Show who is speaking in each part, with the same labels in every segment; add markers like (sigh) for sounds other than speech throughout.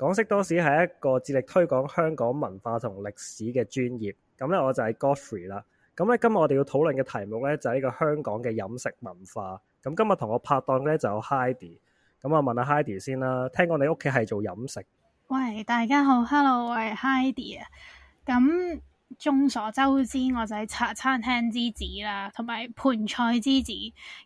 Speaker 1: 港式多史係一個致力推廣香港文化同歷史嘅專業，咁咧我就係 Godfrey 啦。咁咧今日我哋要討論嘅題目咧就係呢個香港嘅飲食文化。咁今日同我拍檔咧就有 Haidee，咁我問下 Haidee 先啦。聽講你屋企係做飲食，
Speaker 2: 喂大家好，Hello，我係 Haidee 啊。咁眾所周知，我就係茶餐廳之子啦，同埋盤菜之子。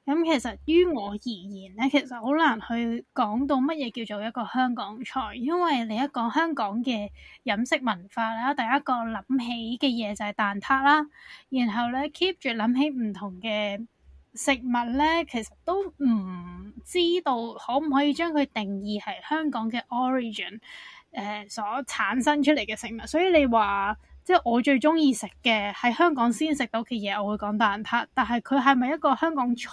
Speaker 2: 咁其實於我而言咧，其實好難去講到乜嘢叫做一個香港菜，因為你一講香港嘅飲食文化咧，第一個諗起嘅嘢就係蛋撻啦，然後咧 keep 住諗起唔同嘅食物咧，其實都唔知道可唔可以將佢定義係香港嘅 origin 誒、呃、所產生出嚟嘅食物，所以你話。即係我最中意食嘅，喺香港先食到嘅嘢，我會講蛋撻。但係佢係咪一個香港菜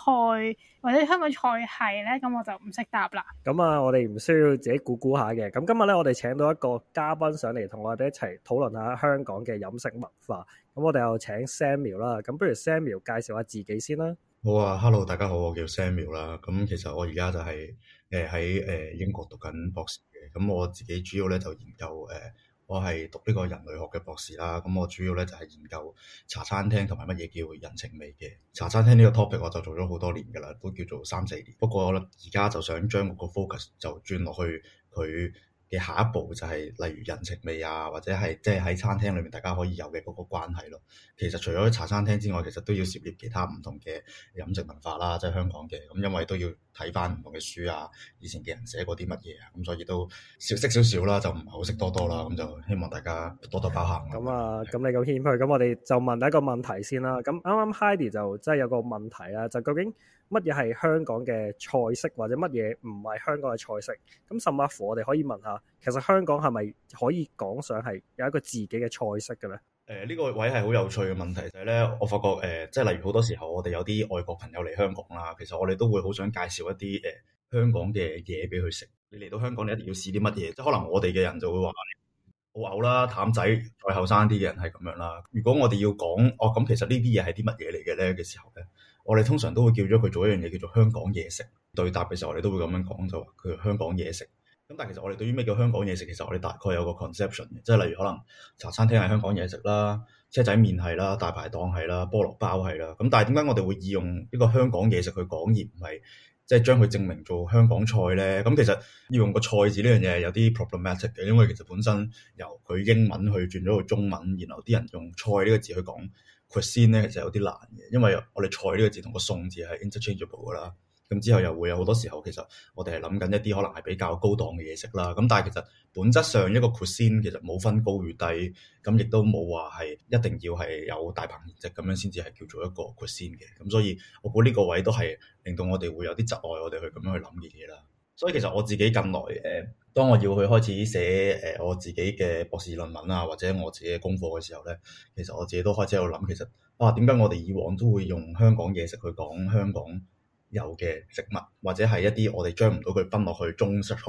Speaker 2: 或者香港菜係咧？咁我就唔識答啦。
Speaker 1: 咁啊，我哋唔需要自己估估下嘅。咁今日咧，我哋請到一個嘉賓上嚟，同我哋一齊討論下香港嘅飲食文化。咁我哋又請 Samuel 啦。咁不如 Samuel 介紹下自己先啦。
Speaker 3: 好啊，Hello，大家好，我叫 Samuel 啦。咁其實我而家就係誒喺誒英國讀緊博士嘅。咁我自己主要咧就研究誒。呃我係讀呢個人類學嘅博士啦，咁我主要呢就係研究茶餐廳同埋乜嘢叫人情味嘅茶餐廳呢個 topic，我就做咗好多年㗎喇，都叫做三四年。不過我諗而家就想將我個 focus 就轉落去佢。嘅下一步就係、是、例如人情味啊，或者係即係喺餐廳裏面大家可以有嘅嗰個關係咯。其實除咗茶餐廳之外，其實都要涉獵其他唔同嘅飲食文化啦，即係香港嘅咁，因為都要睇翻唔同嘅書啊，以前嘅人寫過啲乜嘢啊，咁所以都少識少少啦，就唔係好識多多啦，咁就希望大家多多包涵。
Speaker 1: 咁啊，咁、啊、是你咁謙虛，咁我哋就問一個問題先啦。咁啱啱 Haidee 就真係有個問題啦，就究竟？乜嘢係香港嘅菜式，或者乜嘢唔係香港嘅菜式？咁甚至乎，我哋可以問下，其實香港係咪可以講上係有一個自己嘅菜式嘅咧？
Speaker 3: 誒、呃，呢、這個位係好有趣嘅問題就係、是、咧，我發覺誒、呃，即係例如好多時候我哋有啲外國朋友嚟香港啦，其實我哋都會好想介紹一啲誒、呃、香港嘅嘢俾佢食。你嚟到香港，你一定要試啲乜嘢？即係可能我哋嘅人就會話我嘔啦、淡仔，再後生啲嘅人係咁樣啦。如果我哋要講哦，咁其實呢啲嘢係啲乜嘢嚟嘅咧嘅時候咧？我哋通常都會叫咗佢做一樣嘢叫做香港嘢食。對答嘅時候，我哋都會咁樣講就話佢係香港嘢食。咁但係其實我哋對於咩叫香港嘢食，其實我哋大概有個 conception 嘅，即係例如可能茶餐廳係香港嘢食啦，車仔麵係啦，大排檔係啦，菠蘿包係啦。咁但係點解我哋會以用呢個香港嘢食去講，而唔係即係將佢證明做香港菜咧？咁其實要用個菜字呢樣嘢有啲 problematic 嘅，因為其實本身由佢英文去轉咗個中文，然後啲人用菜呢個字去講。Cuisine 咧，其實有啲難嘅，因為我哋菜呢個字同個餸字係 interchangeable 㗎啦。咁之後又會有好多時候，其實我哋係諗緊一啲可能係比較高檔嘅嘢食啦。咁但係其實本質上一個 cuisine 其實冇分高與低，咁亦都冇話係一定要係有大盤食咁樣先至係叫做一個 cuisine 嘅。咁所以我估呢個位都係令到我哋會有啲窒礙我哋去咁樣去諗嘅嘢啦。所以其實我自己近來誒，當我要去開始寫誒我自己嘅博士論文啦，啊，或者我自己嘅功課嘅時候咧，其實我自己都開始喺度諗，其實，哇、啊！點解我哋以往都會用香港嘢食去講香港有嘅食物，或者係一啲我哋將唔到佢分落去中式菜，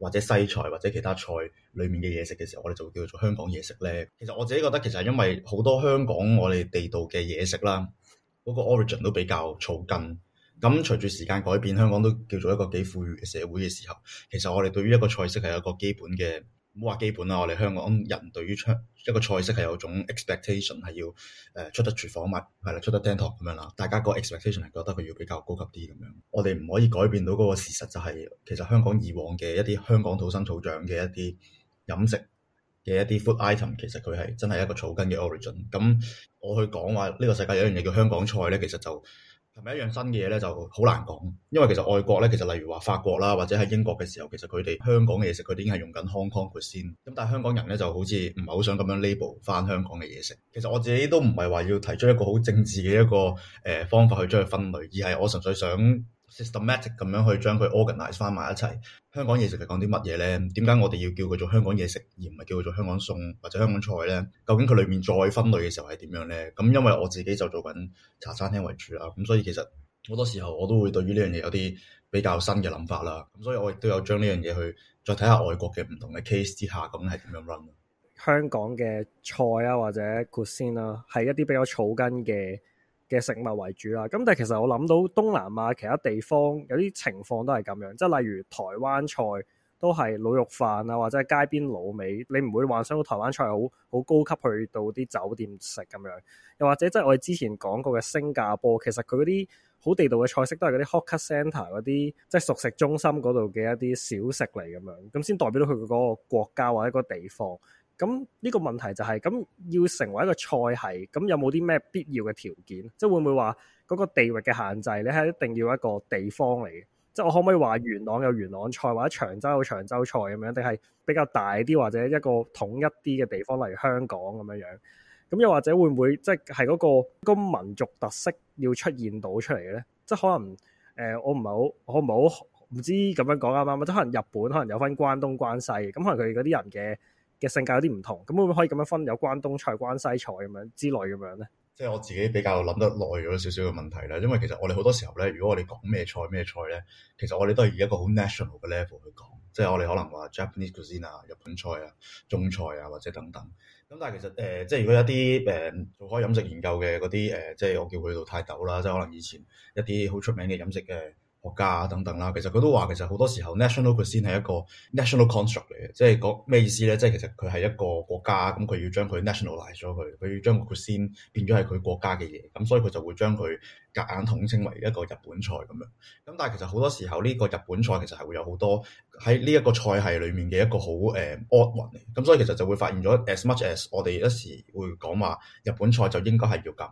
Speaker 3: 或者西菜或者其他菜裡面嘅嘢食嘅時候，我哋就叫做香港嘢食咧？其實我自己覺得，其實因為好多香港我哋地道嘅嘢食啦，嗰、那個 origin 都比較草根。咁隨住時間改變，香港都叫做一個幾富裕嘅社會嘅時候，其實我哋對於一個菜式係一個基本嘅，唔好話基本啦。我哋香港人對於一一個菜式係有種 expectation，係要誒出得廚房物，係啦，出得廳堂咁樣啦。大家個 expectation 係覺得佢要比較高級啲咁樣。我哋唔可以改變到嗰個事實，就係，就係其實香港以往嘅一啲香港土生土長嘅一啲飲食嘅一啲 food item，其實佢係真係一個草根嘅 origin。咁我去講話呢個世界有一樣嘢叫香港菜呢，其實就～係咪一樣新嘅嘢呢？就好難講，因為其實外國呢，其實例如話法國啦，或者喺英國嘅時候，其實佢哋香港嘅嘢食佢已經係用緊 Hong Kong 先。咁但係香港人呢就好似唔係好想咁樣 label 返香港嘅嘢食。其實我自己都唔係話要提出一個好政治嘅一個誒方法去將佢分類，而係我純粹想 systematic 咁樣去將佢 organize 翻埋一齊。香港嘢食係講啲乜嘢咧？點解我哋要叫佢做香港嘢食，而唔係叫佢做香港餸或者香港菜咧？究竟佢裏面再分類嘅時候係點樣咧？咁因為我自己就做緊茶餐廳為主啦，咁所以其實好多時候我都會對於呢樣嘢有啲比較新嘅諗法啦。咁所以我亦都有將呢樣嘢去再睇下外國嘅唔同嘅 case 之下，咁係點樣 run？
Speaker 1: 香港嘅菜啊，或者 cuisine 啦，係一啲比較草根嘅。嘅食物為主啦，咁但係其實我諗到東南亞其他地方有啲情況都係咁樣，即係例如台灣菜都係滷肉飯啊，或者係街邊滷味，你唔會幻想到台灣菜好好高級，去到啲酒店食咁樣，又或者即係我哋之前講過嘅新加坡，其實佢嗰啲好地道嘅菜式都係嗰啲 hawker centre 嗰啲，即係熟食中心嗰度嘅一啲小食嚟咁樣，咁先代表到佢嗰個國家或者個地方。咁呢個問題就係咁要成為一個菜系，咁有冇啲咩必要嘅條件？即係會唔會話嗰個地域嘅限制咧？係一定要一個地方嚟嘅，即係我可唔可以話元朗有元朗菜，或者長洲有長洲菜咁樣？定係比較大啲或者一個統一啲嘅地方，例如香港咁樣樣？咁又或者會唔會即係嗰個民族特色要出現到出嚟嘅呢？即係可能誒，我唔係好，我唔係好唔知咁樣講啱唔啱？即可能日本可能有分關東關西咁，可能佢哋嗰啲人嘅。嘅性格有啲唔同，咁會唔會可以咁樣分有關東菜、關西菜咁樣之類咁樣咧？
Speaker 3: 即係我自己比較諗得耐咗少少嘅問題咧，因為其實我哋好多時候咧，如果我哋講咩菜咩菜咧，其實我哋都係以一個好 national 嘅 level 去講，即係我哋可能話 Japanese cuisine 啊、日本菜啊、中菜啊或者等等。咁但係其實誒、呃，即係如果有啲誒做開飲食研究嘅嗰啲誒，即係我叫佢做泰斗啦，即係可能以前一啲好出名嘅飲食嘅。國家等等啦，其實佢都話其實好多時候 national cuisine 係一個 national construct 嚟嘅，即係講咩意思咧？即係其實佢係一個國家，咁佢要將佢 nationalize 咗佢，佢要將個 cuisine 變咗係佢國家嘅嘢，咁所以佢就會將佢夾硬統稱為一個日本菜咁樣。咁但係其實好多時候呢個日本菜其實係會有好多喺呢一個菜系裡面嘅一個好誒 odd one 嚟，咁所以其實就會發現咗 as much as 我哋一時會講話日本菜就應該係要咁。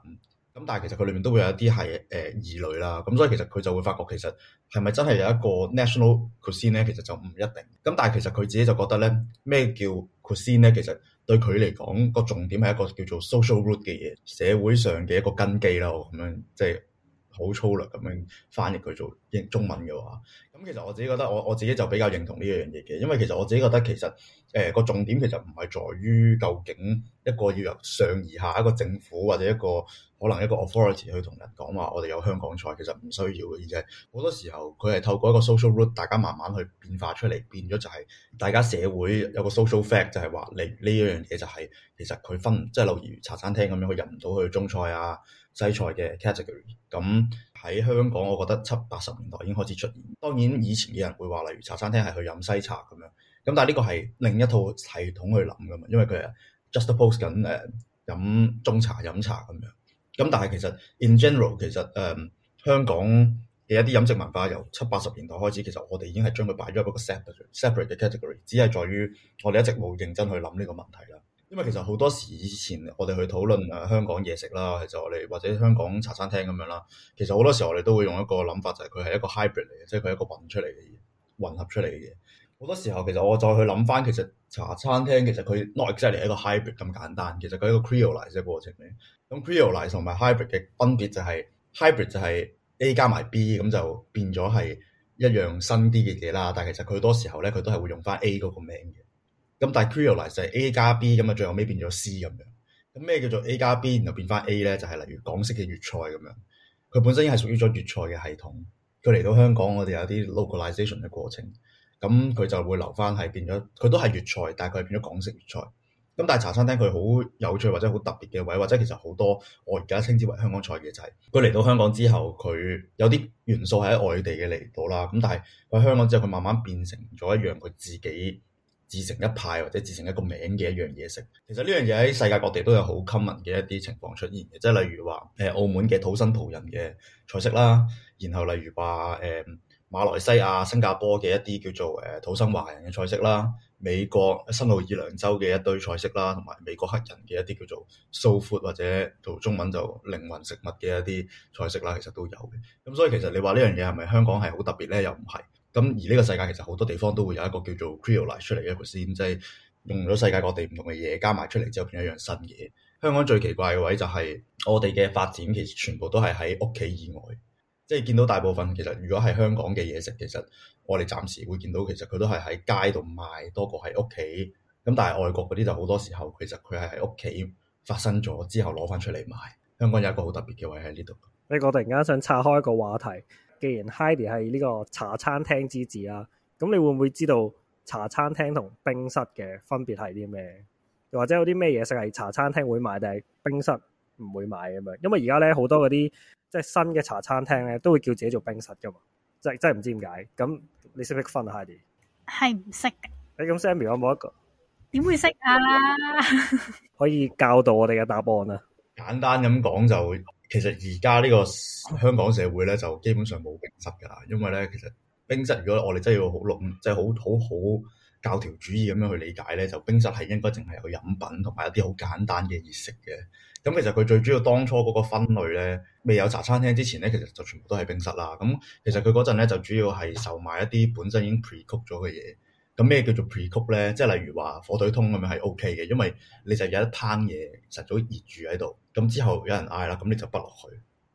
Speaker 3: 咁但係其實佢裏面都會有一啲係誒疑慮啦，咁所以其實佢就會發覺其實係咪真係有一個 national cuisine 呢？其實就唔一定。咁但係其實佢自己就覺得呢，咩叫 cuisine 呢？其實對佢嚟講個重點係一個叫做 social route 嘅嘢，社會上嘅一個根基啦，咁樣即係。就是好粗略咁樣翻譯佢做英中文嘅話，咁其實我自己覺得我我自己就比較認同呢一樣嘢嘅，因為其實我自己覺得其實誒、呃、個重點其實唔係在於究竟一個要由上而下一個政府或者一個可能一個 authority 去同人講話我哋有香港菜，其實唔需要嘅，而且好多時候佢係透過一個 social rule，大家慢慢去變化出嚟，變咗就係大家社會有個 social fact 就係話，嚟呢一樣嘢就係、是、其實佢分，即係例如茶餐廳咁樣，佢入唔到去中菜啊。西菜嘅 category，咁喺香港，我覺得七八十年代已經開始出現。當然以前嘅人會話，例如茶餐廳係去飲西茶咁樣。咁但係呢個係另一套系統去諗噶嘛，因為佢係 just post 緊誒飲中茶飲茶咁樣。咁但係其實 in general，其實誒、呃、香港嘅一啲飲食文化由七八十年代開始，其實我哋已經係將佢擺咗一個 separate, separate separate 嘅 category，只係在於我哋一直冇認真去諗呢個問題啦。因為其實好多時以前我哋去討論誒香港嘢食啦，其實我哋或者香港茶餐廳咁樣啦，其實好多時候我哋都會用一個諗法，就係佢係一個 hybrid 嚟嘅，即係佢一個混出嚟嘅嘢，混合出嚟嘅嘢。好多時候其實我再去諗翻，其實茶餐廳其實佢 not exactly 係一個 hybrid 咁簡單，其實佢係一個 creolise 嘅過程嚟。咁 creolise 同埋 hybrid 嘅分別就係 hybrid 就係 A 加埋 B，咁就變咗係一樣新啲嘅嘢啦。但係其實佢好多時候咧，佢都係會用翻 A 嗰個名嘅。咁但係 creolize 就係 A 加 B 咁啊，最後尾變咗 C 咁樣。咁咩叫做 A 加 B，然後變翻 A 呢，就係、是、例如港式嘅粵菜咁樣。佢本身係屬於咗粵菜嘅系統。佢嚟到香港，我哋有啲 localization 嘅過程。咁佢就會留翻係變咗，佢都係粵菜，但係佢變咗港式粵菜。咁但係茶餐廳佢好有趣或者好特別嘅位，或者其實好多我而家稱之為香港菜嘅就係佢嚟到香港之後，佢有啲元素係喺外地嘅嚟到啦。咁但係佢香港之後，佢慢慢變成咗一樣佢自己。自成一派或者自成一個名嘅一樣嘢食，其實呢樣嘢喺世界各地都有好 common 嘅一啲情況出現嘅，即係例如話誒澳門嘅土生葡人嘅菜式啦，然後例如話誒、嗯、馬來西亞新加坡嘅一啲叫做誒土生華人嘅菜式啦，美國新奧爾良州嘅一堆菜式啦，同埋美國黑人嘅一啲叫做 soul food 或者做中文就靈魂食物嘅一啲菜式啦，其實都有嘅。咁所以其實你話呢樣嘢係咪香港係好特別咧？又唔係。咁而呢個世界其實好多地方都會有一個叫做 Creole 出嚟嘅一個線，即係用咗世界各地唔同嘅嘢加埋出嚟之後變一樣新嘢。香港最奇怪嘅位就係我哋嘅發展其實全部都係喺屋企以外，即係見到大部分其實如果係香港嘅嘢食，其實我哋暫時會見到其實佢都係喺街度賣多過喺屋企。咁但係外國嗰啲就好多時候其實佢係喺屋企發生咗之後攞翻出嚟賣。香港有一個好特別嘅位喺呢度。
Speaker 1: 你我突然間想岔開一個話題。既然 Haidee 係呢個茶餐廳之子啦，咁你會唔會知道茶餐廳同冰室嘅分別係啲咩？又或者有啲咩嘢食係茶餐廳會賣，定係冰室唔會賣咁樣？因為而家咧好多嗰啲即係新嘅茶餐廳咧，都會叫自己做冰室噶嘛，即係真係唔知點解。咁你識唔識分啊？Haidee？係唔識。誒，咁 Sammy 有冇一個？
Speaker 2: 點會識啊？
Speaker 1: (laughs) 可以教到我哋嘅答案啊！
Speaker 3: 簡單咁講就會。其實而家呢個香港社會呢，就基本上冇冰室㗎啦，因為呢，其實冰室如果我哋真係要好籠，即係好好好教條主義咁樣去理解呢，就冰室係應該淨係有飲品同埋一啲好簡單嘅熱食嘅。咁其實佢最主要當初嗰個分類呢，未有茶餐廳之前呢，其實就全部都係冰室啦。咁其實佢嗰陣呢，就主要係售賣一啲本身已經 pre-cooked 咗嘅嘢。咁咩叫做 pre-cook 咧？即係例如話火腿通咁樣係 OK 嘅，因為你就有一烹嘢，實早熱住喺度。咁之後有人嗌啦，咁你就畢落去。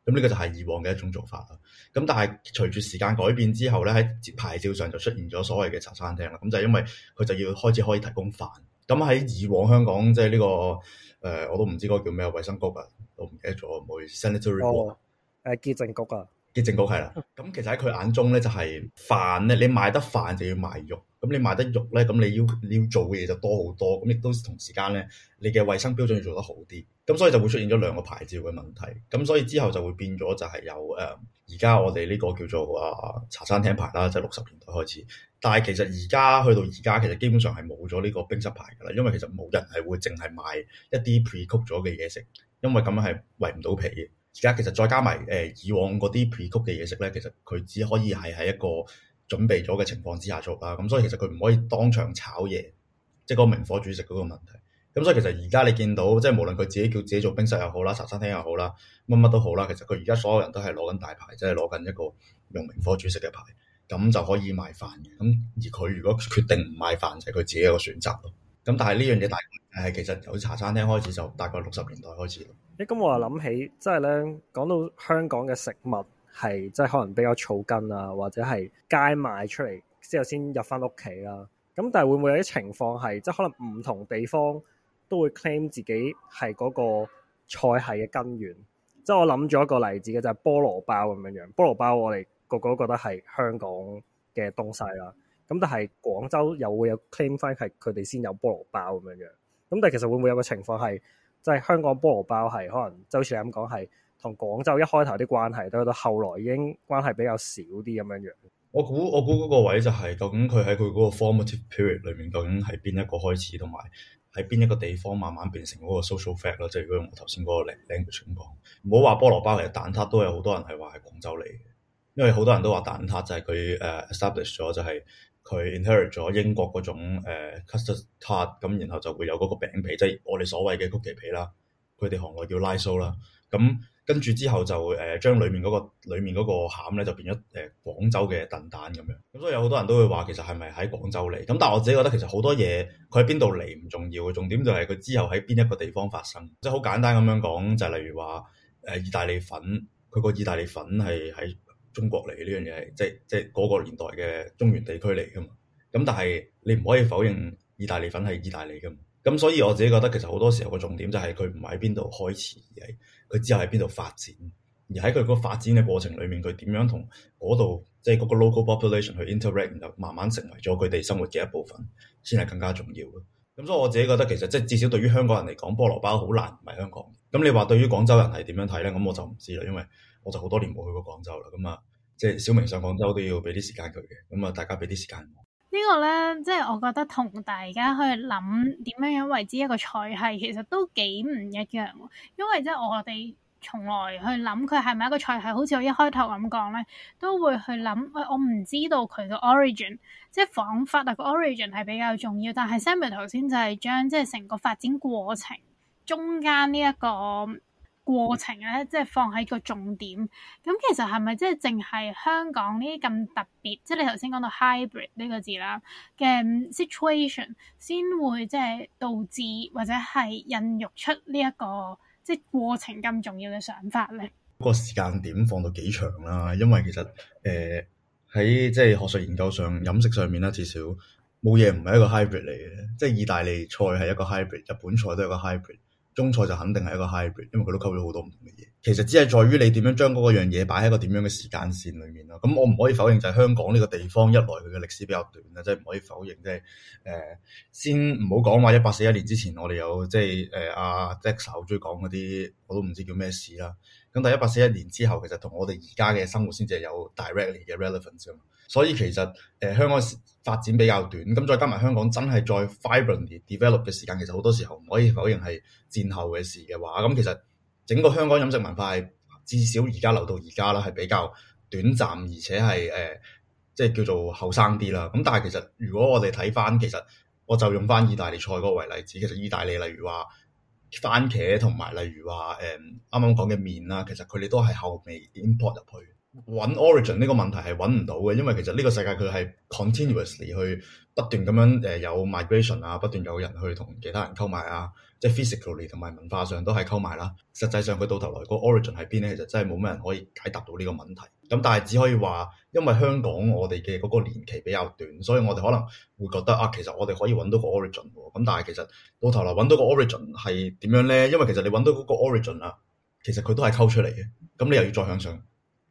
Speaker 3: 咁呢個就係以往嘅一種做法啦。咁但係隨住時間改變之後咧，喺牌照上就出現咗所謂嘅茶餐廳啦。咁就係因為佢就要開始可以提供飯。咁喺以往香港即係呢個誒、呃，我都唔知嗰個叫咩，衞生局啊，我唔記得咗，唔好意思。
Speaker 1: Sanitary，潔淨局啊。潔淨局係啦。咁其實喺
Speaker 3: 佢眼中咧，就係、係、飯咧，你賣得飯就要賣肉。咁你賣得肉咧，咁你要你要做嘅嘢就多好多，咁亦都同時間咧，你嘅衛生標準要做得好啲，咁所以就會出現咗兩個牌照嘅問題，咁所以之後就會變咗就係有誒，嗯、而家我哋呢個叫做啊茶餐廳牌啦，即係六十年代開始，但係其實而家去到而家，其實基本上係冇咗呢個冰室牌㗎喇，因為其實冇人係會淨係賣一啲 precook 咗嘅嘢食，因為咁樣係圍唔到皮嘅。而家其實再加埋誒、呃、以往嗰啲 precook 嘅嘢食咧，其實佢只可以係喺一個準備咗嘅情況之下做啦，咁所以其實佢唔可以當場炒嘢，即係嗰個明火煮食嗰個問題。咁所以其實而家你見到，即係無論佢自己叫自己做冰室又好啦，茶餐廳又好啦，乜乜都好啦，其實佢而家所有人都係攞緊大牌，即係攞緊一個用明火煮食嘅牌，咁就可以賣飯嘅。咁而佢如果決定唔賣飯，就係佢自己嘅選擇咯。咁但係呢樣嘢大係其實由茶餐廳開始，就大概六十年代開始。誒，
Speaker 1: 咁我又諗起，即係咧講到香港嘅食物。係即係可能比較草根啊，或者係街賣出嚟，之後先入翻屋企啦。咁但係會唔會有啲情況係，即係可能唔同地方都會 claim 自己係嗰個菜係嘅根源。即係我諗咗一個例子嘅就係菠蘿包咁樣樣。菠蘿包我哋個個都覺得係香港嘅東西啦、啊。咁但係廣州又會有 claim 翻係佢哋先有菠蘿包咁樣樣。咁但係其實會唔會有個情況係，即、係香港菠蘿包係可能就好似你咁講係。同廣州一開頭啲關係，到到後來已經關係比較少啲咁樣樣。我估我估嗰個位就
Speaker 3: 係究竟佢喺佢嗰個 formative period 裏面，究竟係邊一個開始，同埋喺邊一個地方慢慢變成嗰個 social fact 啦，即係嗰個我頭先嗰個 language 嚟講。唔好話菠蘿包嚟，其實蛋撻都有好多人係話係廣州嚟嘅，因為好多人都話蛋撻就係佢誒 establish 咗，就係佢 inherit 咗英國嗰種 custard tart，咁然後就會有嗰個餅皮，即係我哋所謂嘅曲奇皮啦。佢哋行內叫拉蘇啦，咁跟住之後就誒將裡面嗰、嗰個裡面嗰個餡咧就變咗誒廣州嘅燉蛋咁樣，咁所以有好多人都會話其實係咪喺廣州嚟？咁但係我自己覺得其實好多嘢佢喺邊度嚟唔重要嘅，重點就係佢之後喺邊一個地方發生，即係好簡單咁樣講就係、例如話誒意大利粉，佢個意大利粉係喺中國嚟呢樣嘢，即係即係嗰個年代嘅中原地區嚟噶嘛。咁但係你唔可以否認意大利粉係意大利㗎嘛。咁所以我自己覺得其實好多時候個重點就係佢唔喺邊度開始，而係佢之後喺邊度發展，而喺佢個發展嘅過程裡面，佢點樣同嗰度即係嗰個 local population 去 interact，又慢慢成為咗佢哋生活嘅一部分，先係更加重要嘅。咁所以我自己覺得其實即係至少對於香港人嚟講，菠蘿包好難唔係香港。咁你話對於廣州人係點樣睇咧？咁我就唔知啦，因為我就好多年冇去過廣州啦。咁啊，即係小明上廣州都要俾啲時間佢嘅。咁啊，大家俾啲時間我。
Speaker 2: 個呢個咧，即係我覺得同大家去諗點樣樣為之一個菜系，其實都幾唔一樣。因為即係我哋從來去諗佢係咪一個菜系，好似我一開頭咁講咧，都會去諗，哎，我唔知道佢個 origin，即係仿法，發個 origin 係比較重要。但係 Samuel 頭先就係將即係成個發展過程中間呢一個。過程咧，即係放喺個重點。咁其實係咪即係淨係香港呢啲咁特別？即係你頭先講到 hybrid 呢個字啦嘅 situation，先會即係導致或者係孕育出呢、這、一個即係過程咁重要嘅想法咧？
Speaker 3: 個時間點放到幾長啦、啊？因為其實誒喺即係學術研究上飲食上面啦，至少冇嘢唔係一個 hybrid 嚟嘅。即係意大利菜係一個 hybrid，日本菜都係一個 hybrid。中菜就肯定係一個 hybrid，因為佢都溝咗好多唔同嘅嘢。其實只係在於你點樣將嗰樣嘢擺喺一個點樣嘅時間線裡面啦。咁我唔可以否認就係香港呢個地方一來佢嘅歷史比較短啦，即係唔可以否認即係誒先唔好講話一八四一年之前我哋有即係誒阿 Jack 好鍾意講嗰啲我都唔知叫咩事啦。咁但係一八四一年之後，其實同我哋而家嘅生活先至係有 directly 嘅 relevance 啊。所以其實誒香港發展比較短，咁再加埋香港真係再 vibrantly develop 嘅時間，其實好多時候唔可以否認係戰後嘅事嘅話，咁其實整個香港飲食文化係至少而家留到而家啦，係比較短暫而且係誒即係叫做後生啲啦。咁但係其實如果我哋睇翻其實我就用翻意大利菜嗰個為例子，其實意大利例如話番茄同埋例如話誒啱啱講嘅麵啦，其實佢哋都係後尾 import 入去。搵 origin 呢個問題係揾唔到嘅，因為其實呢個世界佢係 continuously 去不斷咁樣誒有 migration 啊，不斷有人去同其他人溝埋啊，即係 physically 同埋文化上都係溝埋啦。實際上佢到頭來個 origin 喺邊咧，其實真係冇咩人可以解答到呢個問題。咁但係只可以話，因為香港我哋嘅嗰個年期比較短，所以我哋可能會覺得啊，其實我哋可以揾到個 origin 喎。咁但係其實到頭嚟揾到個 origin 係點樣咧？因為其實你揾到嗰個 origin 啊，其實佢都係溝出嚟嘅，咁你又要再向上。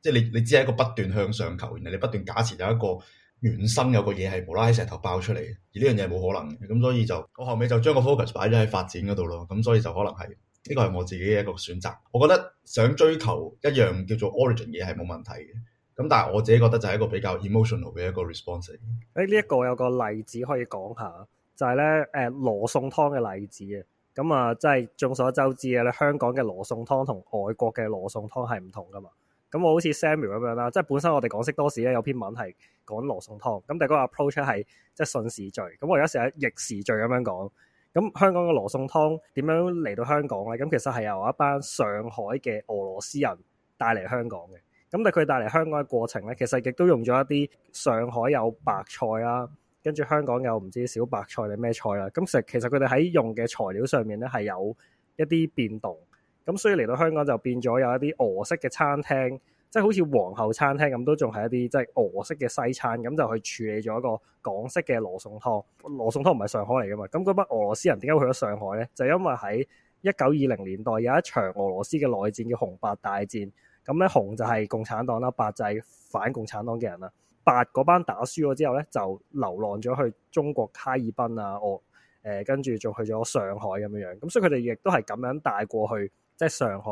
Speaker 3: 即係你，你只係一個不斷向上求，然後你不斷假設有一個原生，有個嘢係無啦啦喺石頭爆出嚟，而呢樣嘢冇可能。咁所以就我後尾就將個 focus 擺咗喺發展嗰度咯，咁所以就可能係呢個係我自己嘅一個選擇。我覺得想追求一樣叫做 origin 嘢係冇問題嘅，咁但係我自己覺得就係一個比較 emotional 嘅一個 response。
Speaker 1: 誒，呢一個有個例子可以講下，就係咧誒羅宋湯嘅例子啊，咁啊即係眾所周知嘅咧，香港嘅羅宋湯同外國嘅羅宋湯係唔同噶嘛。咁我好似 Samuel 咁樣啦，即係本身我哋講港識多史咧有篇文係講羅宋湯，咁嗰個 approach 咧係即係順時序，咁、就是、我而家試下逆時序咁樣講。咁香港嘅羅宋湯點樣嚟到香港咧？咁其實係由一班上海嘅俄羅斯人帶嚟香港嘅。咁但係佢帶嚟香港嘅過程咧，其實亦都用咗一啲上海有白菜啦，跟住香港有唔知小白菜定咩菜啦。咁實其實佢哋喺用嘅材料上面咧係有一啲變動。咁所以嚟到香港就變咗有一啲俄式嘅餐廳，即係好似皇后餐廳咁，都仲係一啲即係俄式嘅西餐，咁就去處理咗一個港式嘅羅宋湯。羅宋湯唔係上海嚟噶嘛？咁嗰班俄羅斯人點解會去咗上海咧？就因為喺一九二零年代有一場俄羅斯嘅內戰叫紅白大戰，咁咧，紅就係共產黨啦，白就係反共產黨嘅人啦。白嗰班打輸咗之後咧，就流浪咗去中國哈爾濱啊，俄誒，跟住仲去咗上海咁樣樣，咁所以佢哋亦都係咁樣帶過去。即係上海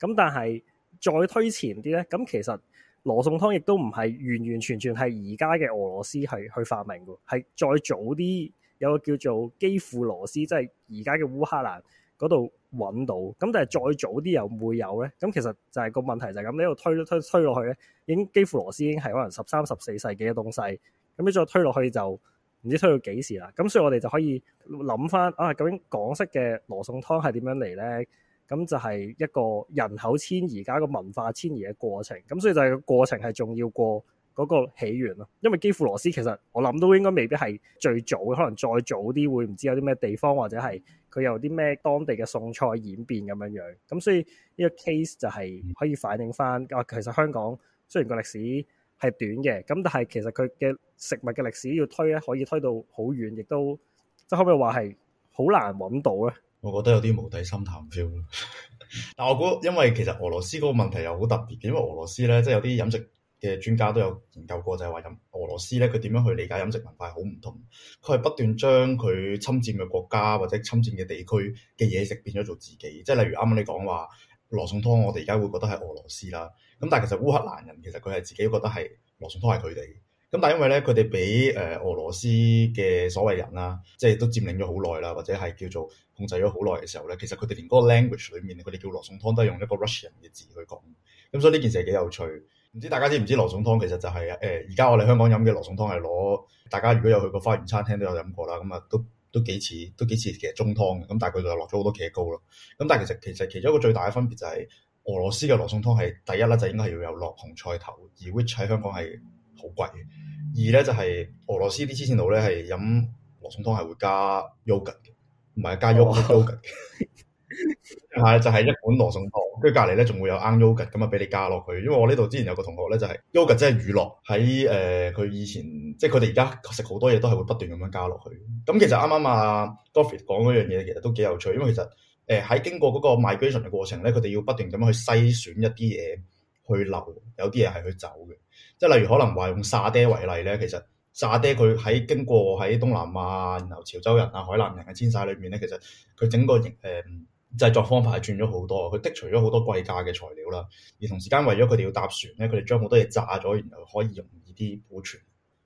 Speaker 1: 咁，但係再推前啲呢，咁其實羅宋湯亦都唔係完完全全係而家嘅俄羅斯去去發明嘅，係再早啲有個叫做基庫羅斯，即係而家嘅烏克蘭嗰度揾到。咁但係再早啲有冇有呢？咁其實就係個問題就係咁，你度推推推落去呢，已經基庫羅斯已經係可能十三、十四世紀嘅東西。咁你再推落去就唔知推到幾時啦。咁所以我哋就可以諗翻啊，究竟港式嘅羅宋湯係點樣嚟呢？咁就係一個人口遷移，加個文化遷移嘅過程。咁所以就係個過程係重要過嗰個起源咯。因為基輔羅斯其實我諗都應該未必係最早，可能再早啲會唔知有啲咩地方或者係佢有啲咩當地嘅餸菜演變咁樣樣。咁所以呢個 case 就係可以反映翻啊。其實香港雖然個歷史係短嘅，咁但係其實佢嘅食物嘅歷史要推咧，可以推到好遠，亦都即係可唔可以話係好難揾到咧。我覺
Speaker 3: 得有啲無底深談 feel，
Speaker 1: (laughs) 但係我估，
Speaker 3: 因為其實俄羅斯嗰個問題又好特別嘅，因為俄羅斯呢，即係有啲飲食嘅專家都有研究過，就係話飲俄羅斯呢，佢點樣去理解飲食文化好唔同。佢係不斷將佢侵佔嘅國家或者侵佔嘅地區嘅嘢食變咗做自己，即係例如啱啱你講話羅宋湯，我哋而家會覺得係俄羅斯啦。咁但係其實烏克蘭人其實佢係自己都覺得係羅宋湯係佢哋。咁但係因為咧，佢哋俾誒俄羅斯嘅所謂人啦，即係都佔領咗好耐啦，或者係叫做控制咗好耐嘅時候咧，其實佢哋連嗰個 language 裡面，佢哋叫羅宋湯都係用一個 Russian 嘅字去講。咁、嗯、所以呢件事係幾有趣。唔知大家知唔知羅宋湯其實就係誒而家我哋香港飲嘅羅宋湯係，攞大家如果有去過花園餐廳都有飲過啦，咁、嗯、啊都都幾似，都幾似其實中湯嘅。咁、嗯、但係佢就落咗好多茄膏咯。咁、嗯、但係其實其實其中一個最大嘅分別就係、是、俄羅斯嘅羅宋湯係第一啦，就是、應該係要有落紅菜頭，而 which 喺香港係。好貴嘅，二咧就係、是、俄羅斯啲黐線佬咧，係飲羅宋湯係會加 yogurt 嘅，唔係加 yogurt，係、oh. (laughs) 就係一碗羅宋湯，跟住隔離咧仲會有啱 yogurt 咁啊，俾你加落去。因為我呢度之前有個同學咧，就係、是、yogurt 真係娛樂喺誒佢以前，即係佢哋而家食好多嘢都係會不斷咁樣加落去。咁其實啱啱啊 Godfrey 講嗰樣嘢其實都幾有趣，因為其實誒喺、呃、經過嗰個 migration 嘅過程咧，佢哋要不斷咁樣去篩選一啲嘢去留，有啲嘢係去走嘅。即係例如可能話用沙爹為例咧，其實沙爹佢喺經過喺東南亞啊，然後潮州人啊、海南人嘅遷徙裏面咧，其實佢整個型誒製作方法係轉咗好多。佢剔除咗好多貴價嘅材料啦，而同時間為咗佢哋要搭船咧，佢哋將好多嘢炸咗，然後可以容易啲保存。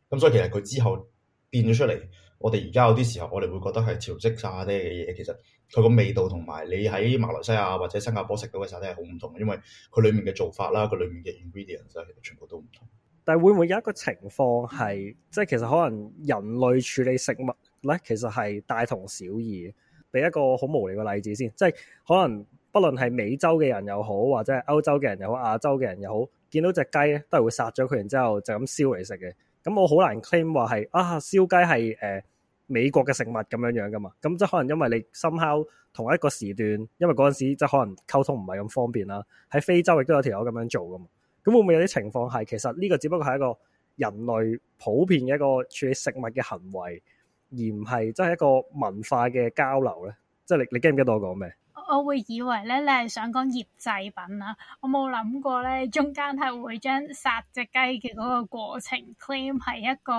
Speaker 3: 咁所以其實佢之後變咗出嚟，我哋而家有啲時候我哋會覺得係潮式沙爹嘅嘢，其實佢個味道同埋你喺馬來西亞或者新加坡食到嘅沙爹係好唔同，因為佢裡面嘅做法啦，佢裡面嘅 ingredients 其實全部都唔同。
Speaker 1: 但會唔會有一個情況係，即係其實可能人類處理食物咧，其實係大同小異。俾一個好無聊嘅例子先，即係可能不論係美洲嘅人又好，或者係歐洲嘅人又好，亞洲嘅人又好，見到隻雞咧，都係會殺咗佢，然之後就咁燒嚟食嘅。咁我好難 claim 話係啊，燒雞係誒、呃、美國嘅食物咁樣樣噶嘛。咁即係可能因為你 somehow 同一個時段，因為嗰陣時即係、就是、可能溝通唔係咁方便啦。喺非洲亦都有條友咁樣做噶嘛。咁會唔會有啲情況係？其實呢個只不過係一個人類普遍嘅一個處理食物嘅行為，而唔係真係一個文化嘅交流咧。即係你你驚唔驚到我講
Speaker 2: 咩？我會以為咧，你係想講醃製品啊？我冇諗過咧，中間係會將殺隻雞嘅嗰個過程 claim 係一個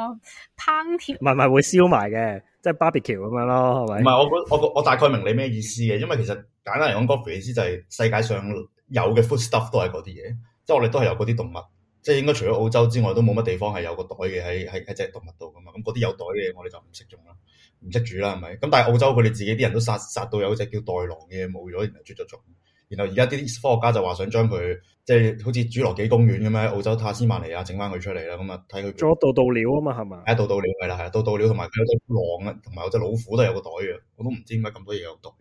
Speaker 2: 烹調唔係
Speaker 1: 唔係會燒埋嘅，即係 barbecue 咁樣咯，係咪？唔係
Speaker 3: 我我我大概明你咩意思嘅？因為其實簡單嚟講，嗰個意思就係世界上有嘅 food stuff 都係嗰啲嘢。即係我哋都係有嗰啲動物，即係應該除咗澳洲之外，都冇乜地方係有個袋嘅喺喺喺隻動物度噶嘛。咁嗰啲有袋嘅嘢，我哋就唔識種啦，唔識煮啦，係咪？咁但係澳洲佢哋自己啲人都殺殺到有隻叫袋狼嘅冇咗，然後絕咗種。然後而家啲科學家就話想將佢即係好似侏羅紀公園咁樣，澳洲塔斯曼尼亞整翻佢出嚟啦。咁啊，睇佢做一
Speaker 1: 道道鳥啊嘛，係咪？
Speaker 3: 係一道道鳥，係啦，係啊，道道鳥同埋佢有隻狼啊，同埋有隻老虎都有個袋嘅，我都唔知點解咁多嘢有袋，係、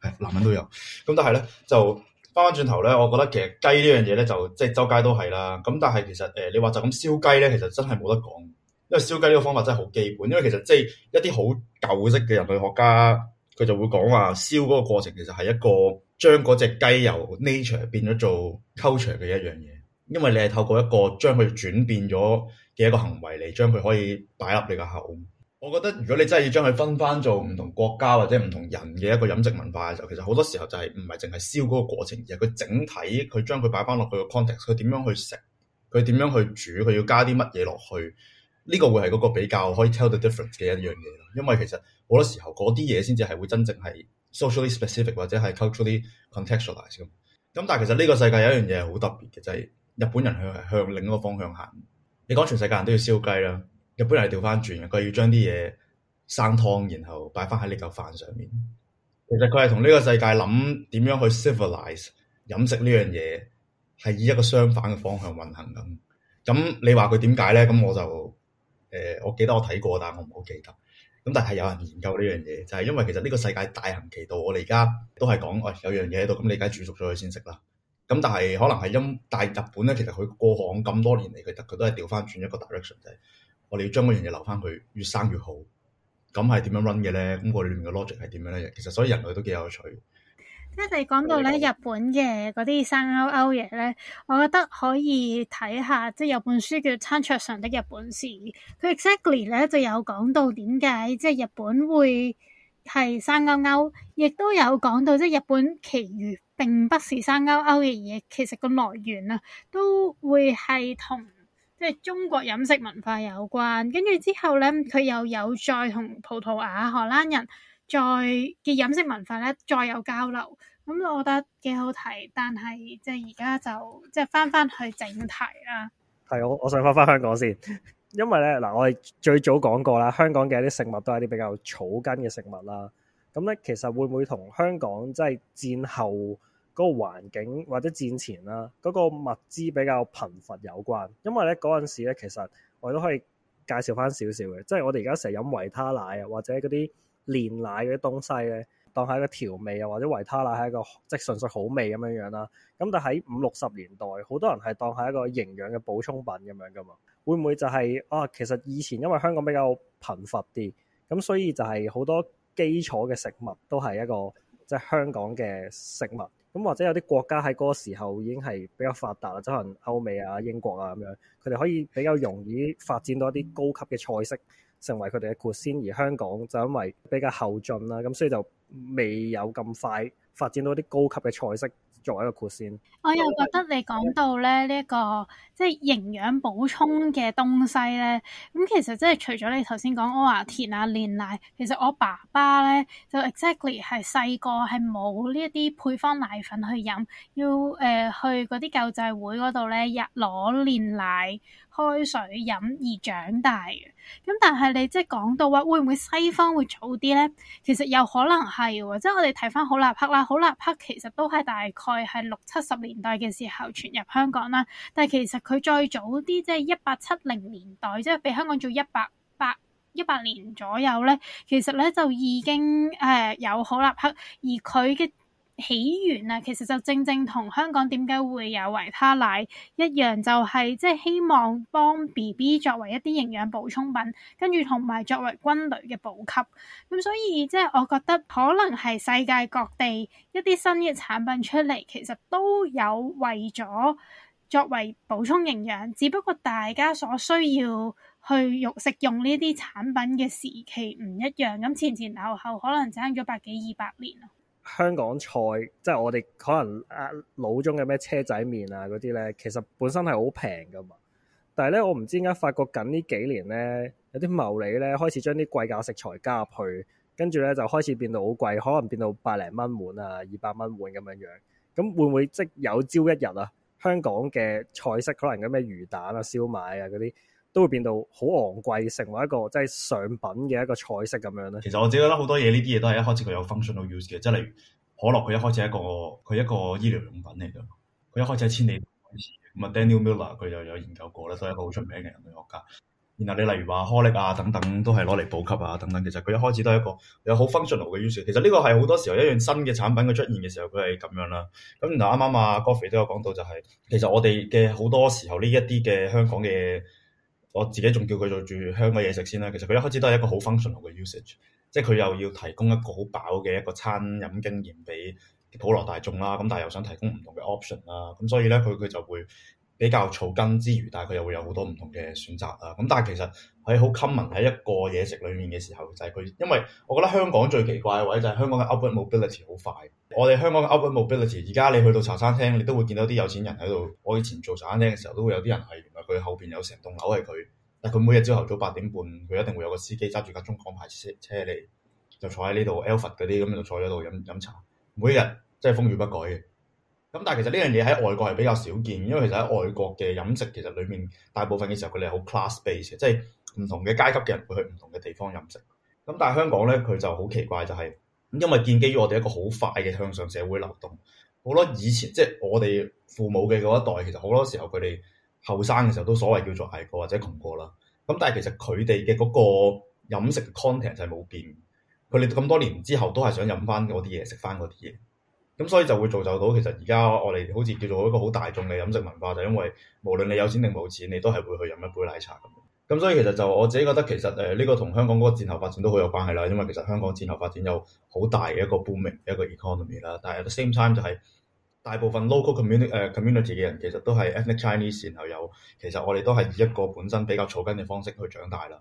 Speaker 3: 哎、男人都有。咁但係咧就。翻翻轉頭咧，我覺得其實雞呢樣嘢咧就即係周街都係啦。咁但係其實誒、呃，你話就咁燒雞咧，其實真係冇得講，因為燒雞呢個方法真係好基本。因為其實即係一啲好舊式嘅人類學家，佢就會講話、啊、燒嗰個過程其實係一個將嗰隻雞由 nature 變咗做 culture 嘅一樣嘢，因為你係透過一個將佢轉變咗嘅一個行為嚟，將佢可以擺入你個口。我覺得，如果你真係要將佢分翻做唔同國家或者唔同人嘅一個飲食文化嘅時候，其實好多時候就係唔係淨係燒嗰個過程，而係佢整體佢將佢擺翻落佢個 context，佢點樣去食，佢點樣去煮，佢要加啲乜嘢落去，呢個會係嗰個比較可以 tell the difference 嘅一樣嘢咯。因為其實好多時候嗰啲嘢先至係會真正係 socially specific 或者係 culturally contextualise 咁。咁但係其實呢個世界有一樣嘢係好特別嘅，就係日本人向向另一個方向行。你講全世界人都要燒雞啦。日本人係調翻轉嘅，佢要將啲嘢生湯，然後擺翻喺呢嚿飯上面。其實佢係同呢個世界諗點樣去 civilize 飲食呢樣嘢，係以一個相反嘅方向運行咁。咁、嗯、你話佢點解咧？咁我就誒、呃，我記得我睇過，但係我唔好記得。咁、嗯、但係有人研究呢樣嘢，就係、是、因為其實呢個世界大行其道，我哋而家都係講喂，有樣嘢喺度，咁你而家煮熟咗佢先食啦。咁、嗯、但係可能係因但係日本咧，其實佢過行咁多年嚟，其實佢都係調翻轉一個 direction 就係、是。我哋要將嗰樣嘢留翻佢，越生越好。咁係點樣 run 嘅咧？咁個裏面嘅 logic 係點樣咧？其實，所以人類都幾有趣。
Speaker 2: 一嚟講到咧日本嘅嗰啲生勾勾嘢咧，我覺得可以睇下，即係有本書叫《餐桌上的日本史》，佢 exactly 咧就有講到點解即係日本會係生勾勾，亦都有講到即係日本其餘並不是生勾勾嘅嘢，其實個來源啊都會係同。即係中國飲食文化有關，跟住之後咧，佢又有再同葡萄牙、荷蘭人再嘅飲食文化咧，再有交流。咁我覺得幾好睇，但係即係而家就即係翻翻去整題啦。
Speaker 1: 係，我我想翻翻香港先，因為咧嗱，我哋最早講過啦，香港嘅一啲食物都係一啲比較草根嘅食物啦。咁咧，其實會唔會同香港即係戰後？嗰個環境或者戰前啦、啊，嗰、那個物資比較貧乏，有關，因為咧嗰陣時咧，其實我都可以介紹翻少少嘅，即係我哋而家成日飲維他奶啊，或者嗰啲煉奶嗰啲東西咧，當係一個調味啊，或者維他奶係一個即係純粹好味咁樣樣啦、啊。咁但喺五六十年代，好多人係當係一個營養嘅補充品咁樣噶、啊、嘛，會唔會就係、是、啊？其實以前因為香港比較貧乏啲，咁所以就係好多基礎嘅食物都係一個即係、就是、香港嘅食物。咁或者有啲國家喺嗰個時候已經係比較發達啦，即可能歐美啊、英國啊咁樣，佢哋可以比較容易發展到一啲高級嘅菜式，成為佢哋嘅國先。而香港就因為比較後進啦，咁所以就未有咁快發展到啲高級嘅菜式。作為一個庫先，我
Speaker 2: 又覺得你講到咧呢一、這個即係、就是、營養補充嘅東西咧，咁其實即係除咗你頭先講阿華田啊、煉奶，其實我爸爸咧就 exactly 係細個係冇呢一啲配方奶粉去飲，要誒、呃、去嗰啲救濟會嗰度咧日攞煉奶。開水飲而長大嘅，咁但係你即係講到話，會唔會西方會早啲咧？其實有可能係喎，即係我哋睇翻好立克啦，好立克其實都係大概係六七十年代嘅時候傳入香港啦。但係其實佢再早啲，即係一八七零年代，即係比香港做一百八、一百年左右咧。其實咧就已經誒有好立克，而佢嘅。起源啊，其實就正正同香港點解會有維他奶一樣，就係即係希望幫 BB 作為一啲營養補充品，跟住同埋作為軍旅嘅補給。咁所以即係、就是、我覺得可能係世界各地一啲新嘅產品出嚟，其實都有為咗作為補充營養，只不過大家所需要去用食用呢啲產品嘅時期唔一樣。咁前前後後可能爭咗百幾二百年。
Speaker 1: 香港菜即係我哋可能啊腦中嘅咩車仔麵啊嗰啲呢，其實本身係好平噶嘛。但係呢，我唔知點解發覺近呢幾年呢，有啲牟利呢，開始將啲貴價食材加入去，跟住呢，就開始變到好貴，可能變到百零蚊碗啊、二百蚊碗咁樣樣。咁會唔會即有朝一日啊，香港嘅菜式可能有咩魚蛋啊、燒賣啊嗰啲？都會變到好昂貴，成為一個即係上品嘅一個菜式咁樣咧。其實我自己覺得好多嘢呢
Speaker 3: 啲嘢都係一開始佢有 functional use 嘅，即係例如可樂佢一開始係一個佢一個醫療用品嚟嘅，佢一開始係千里咁啊。Daniel Miller 佢就有研究過咧，都係一個好出名嘅人類學家。然後你例如話好立克啊等等，都係攞嚟補給啊等等。其實佢一開始都係一個有好 functional 嘅 use。其實呢個係好多時候一樣新嘅產品佢出現嘅時候，佢係咁樣啦。咁、啊就是，然後啱啱啊，Godfrey 都有講到，就係其實我哋嘅好多時候呢一啲嘅香港嘅。我自己仲叫佢做住香港嘢食先啦，其實佢一開始都係一個好 functional 嘅 usage，即係佢又要提供一個好飽嘅一個餐飲經驗畀普羅大眾啦，咁但係又想提供唔同嘅 option 啦，咁所以咧佢佢就會比較草根之餘，但係佢又會有好多唔同嘅選擇啊，咁但係其實，喺好 common 喺一個嘢食裏面嘅時候，就係佢，因為我覺得香港最奇怪嘅位就係香港嘅 upward mobility 好快。我哋香港嘅 upward mobility 而家你去到茶餐廳，你都會見到啲有錢人喺度。我以前做茶餐廳嘅時候，都會有啲人係原來佢後邊有成棟樓係佢，但佢每日朝頭早八點半，佢一定會有個司機揸住架中港牌車車嚟，就坐喺呢度 a l v i s 嗰啲咁就坐喺度飲飲茶，每日即係風雨不改嘅。咁但係其實呢樣嘢喺外國係比較少見，因為其實喺外國嘅飲食其實裏面大部分嘅時候佢哋係好 class base 嘅，即係。唔同嘅階級嘅人會去唔同嘅地方飲食，咁但係香港呢，佢就好奇怪就係，因為建基於我哋一個好快嘅向上社會流動。好多以前即係我哋父母嘅嗰一代，其實好多時候佢哋後生嘅時候都所謂叫做捱過或者窮過啦。咁但係其實佢哋嘅嗰個飲食 content 就係冇變，佢哋咁多年之後都係想飲翻嗰啲嘢，食翻嗰啲嘢。咁所以就會造就到其實而家我哋好似叫做一個好大眾嘅飲食文化，就係因為無論你有錢定冇錢，你都係會去飲一杯奶茶咁。咁所以其實就我自己覺得，其實誒呢、呃這個同香港嗰個戰後發展都好有關係啦。因為其實香港戰後發展有好大嘅一個 boom 嘅一個 economy 啦、就是。但係 at the same time 就係大部分 local community 誒、uh, community 嘅人，其實都係 ethnic Chinese，然後有其實我哋都係以一個本身比較草根嘅方式去長大啦。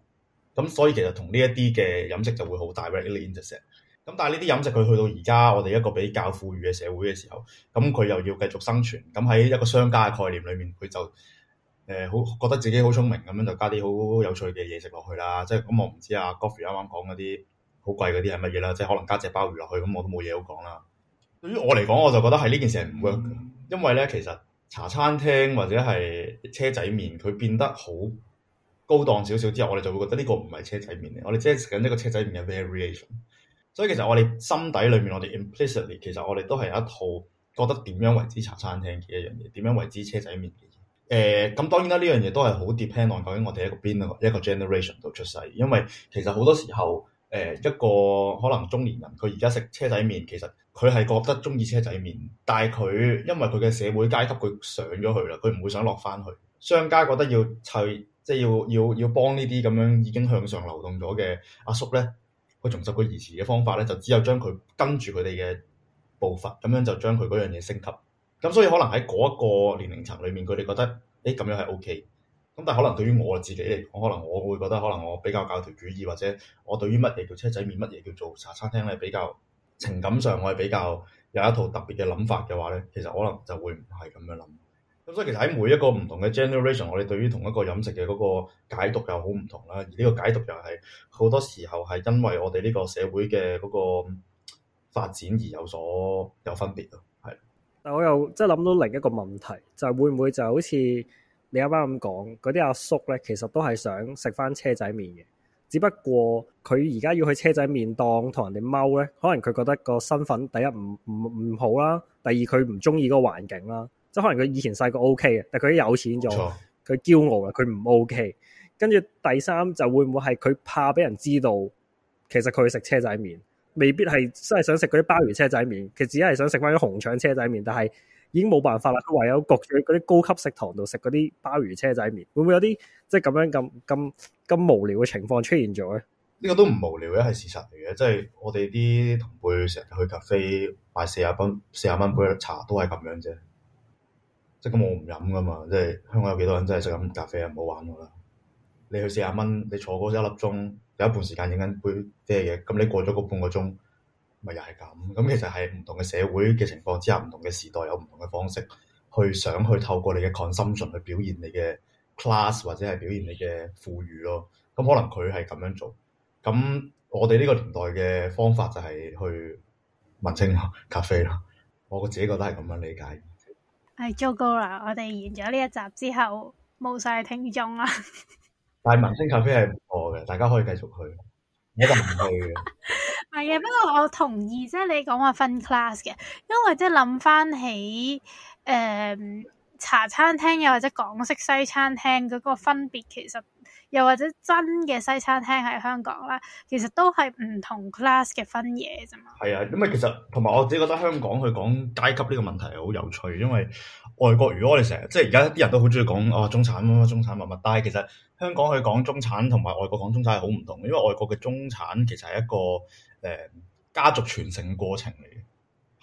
Speaker 3: 咁所以其實同呢一啲嘅飲食就會好大 related intersect。咁但係呢啲飲食佢去到而家我哋一個比較富裕嘅社會嘅時候，咁佢又要繼續生存。咁喺一個商家嘅概念裡面，佢就誒好覺得自己好聰明咁樣就加啲好有趣嘅嘢食落去啦，即係咁、嗯、我唔知啊 Godfrey 啱啱講嗰啲好貴嗰啲係乜嘢啦，即係可能加隻鮑魚落去，咁我都冇嘢好講啦。對於我嚟講，我就覺得係呢件事係唔 work 㗎，因為咧其實茶餐廳或者係車仔麵，佢變得好高檔少少之後，我哋就會覺得呢個唔係車仔麵嚟。我哋即係食緊呢個車仔麵嘅 variation。所以其實我哋心底裡面，我哋 implicitly 其實我哋都係一套覺得點樣為之茶餐廳嘅一樣嘢，點樣為之車仔麵嘅。誒咁、呃、當然啦，呢樣嘢都係好 depend on 究竟我哋喺邊一個 generation 度出世，因為其實好多時候誒、呃、一個可能中年人佢而家食車仔麵，其實佢係覺得中意車仔麵，但係佢因為佢嘅社會階級佢上咗去啦，佢唔會想落翻去。商家覺得要砌，即、就、係、是、要要要幫呢啲咁樣已經向上流動咗嘅阿叔咧，佢重拾佢兒時嘅方法咧，就只有將佢跟住佢哋嘅步伐，咁樣就將佢嗰樣嘢升級。咁、嗯、所以可能喺嗰一個年齡層裡面，佢哋覺得誒咁、欸、樣係 OK。咁但係可能對於我自己嚟講，可能我會覺得可能我比較教條主義，或者我對於乜嘢叫車仔麵、乜嘢叫做茶餐廳咧，比較情感上我係比較有一套特別嘅諗法嘅話咧，其實可能就會唔係咁樣諗。咁、嗯、所以其實喺每一個唔同嘅 generation，我哋對於同一個飲食嘅嗰個解讀又好唔同啦。而呢個解讀又係好多時候係因為我哋呢個社會嘅嗰個發展而有所有分別咯。
Speaker 1: 但我又即係諗到另一個問題，就係會唔會就好似你啱啱咁講嗰啲阿叔咧，其實都係想食翻車仔麵嘅，只不過佢而家要去車仔麵檔同人哋踎咧，可能佢覺得個身份第一唔唔唔好啦，第二佢唔中意個環境啦，即係可能佢以前細個 OK 嘅，但佢有錢咗，佢驕傲啊，佢唔 OK。跟住第三就會唔會係佢怕俾人知道，其實佢食車仔麵。未必係真係想食嗰啲鮑魚車仔麵，其實只係想食翻啲紅腸車仔麵，但係已經冇辦法啦。唯有焗住嗰啲高級食堂度食嗰啲鮑魚車仔麵，會唔會有啲即係咁樣咁咁咁無聊嘅情況出現咗咧？呢個都唔無聊嘅，
Speaker 3: 係事實嚟嘅。即係我哋啲同輩成日去咖啡買四啊蚊四啊蚊杯茶都係咁樣啫。即係咁，我唔飲噶嘛。即係香港有幾多人真係食緊咖啡啊？唔好玩我啦！你去四啊蚊，你坐嗰一粒鐘。有一半時間飲緊杯啲嘢，咁你過咗嗰半個鐘，咪又係咁。咁其實係唔同嘅社會嘅情況之下，唔同嘅時代有唔同嘅方式去想，去透過你嘅 consumption 去表現你嘅 class 或者係表現你嘅富裕咯。咁可能佢係咁樣做。咁我哋呢個年代嘅方法就係去文青咖啡咯。我個自己覺得係咁樣理解。
Speaker 2: 係糟糕啦！我哋完咗呢一集之後冇晒聽眾啦。 (laughs)
Speaker 3: 但係文星咖啡係唔錯嘅，大家可以繼續去，唔一定唔去
Speaker 2: 嘅。係啊，。 (laughs) 不過我同意即係你講話分 class 嘅，因為即係諗翻起誒、嗯、茶餐廳又或者港式西餐廳嗰個分別，其實又或者真嘅西餐廳喺香港啦，其實都係唔同 class 嘅分野啫嘛。
Speaker 3: 係啊，咁啊其實同埋我自己覺得香港去講階級呢個問題好有趣，因為。外國如果我哋成日，即係而家啲人都好中意講啊中產乜乜，中產乜乜。但係其實香港去講中產同埋外國講中產係好唔同，因為外國嘅中產其實係一個誒、呃、家族傳承過程嚟嘅，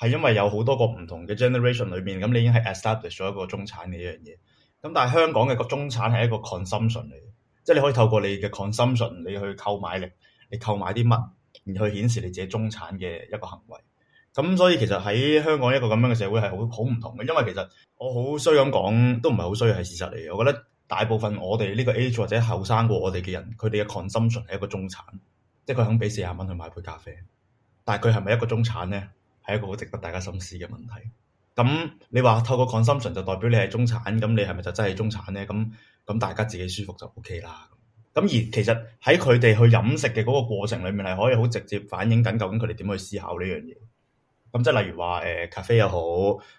Speaker 3: 係因為有好多個唔同嘅 generation 裏面，咁你已經係 establish 咗一個中產嘅一樣嘢。咁但係香港嘅個中產係一個 consumption 嚟嘅，即係你可以透過你嘅 consumption，你去購買力，你購買啲乜而去顯示你自己中產嘅一個行為。咁所以，其實喺香港一個咁樣嘅社會係好好唔同嘅。因為其實我好衰咁講，都唔係好衰，係事實嚟嘅。我覺得大部分我哋呢個 H 或者後生過我哋嘅人，佢哋嘅 consumption 係一個中產，即係佢肯俾四廿蚊去買杯咖啡。但係佢係咪一個中產呢？係一個好值得大家深思嘅問題。咁你話透過 consumption 就代表你係中產，咁你係咪就真係中產呢？咁咁大家自己舒服就 OK 啦。咁而其實喺佢哋去飲食嘅嗰個過程裏面，係可以好直接反映緊究竟佢哋點去思考呢樣嘢。咁即係例如話，誒咖啡又好，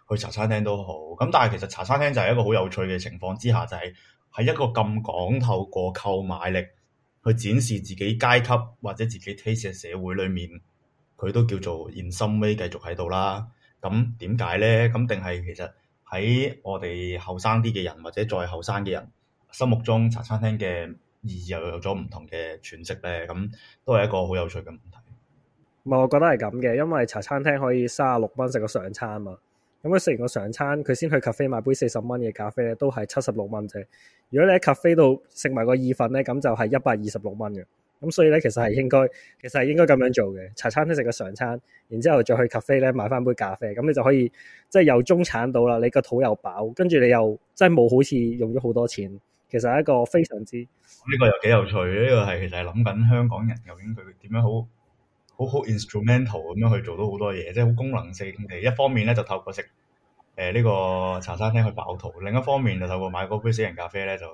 Speaker 3: 去茶餐廳都好。咁但係其實茶餐廳就係一個好有趣嘅情況之下，就係、是、喺一個咁講透過購買力去展示自己階級或者自己 taste 嘅社會裏面，佢都叫做 in some way 繼續喺度啦。咁點解咧？咁定係其實，喺我哋後生啲嘅人或者再後生嘅人心目中茶餐廳嘅意義又有咗唔同嘅詮釋咧？咁都係一個好有趣嘅問題。
Speaker 1: 唔係，我覺得係咁嘅，因為茶餐廳可以三十六蚊食個上餐啊嘛。咁佢食完個上餐，佢先去 cafe 買杯四十蚊嘅咖啡咧，都係七十六蚊啫。如果你喺 cafe 度食埋個意粉咧，咁就係一百二十六蚊嘅。咁、嗯、所以咧，其實係應該，其實係應該咁樣做嘅。茶餐廳食個上餐，然之後再去 cafe 咧買翻杯咖啡，咁、嗯、你就可以即係又中產到啦。你個肚又飽，跟住你又即係冇好似用咗好多錢。其實係一個非常之
Speaker 3: 呢個又幾有趣。呢、這個係其實係諗緊香港人究竟佢點樣好。好好 instrumental 咁樣去做到好多嘢，即係好功能性嘅。一方面咧就透過食誒呢個茶餐廳去飽肚，另一方面就透過買嗰杯死人咖啡咧就去誒、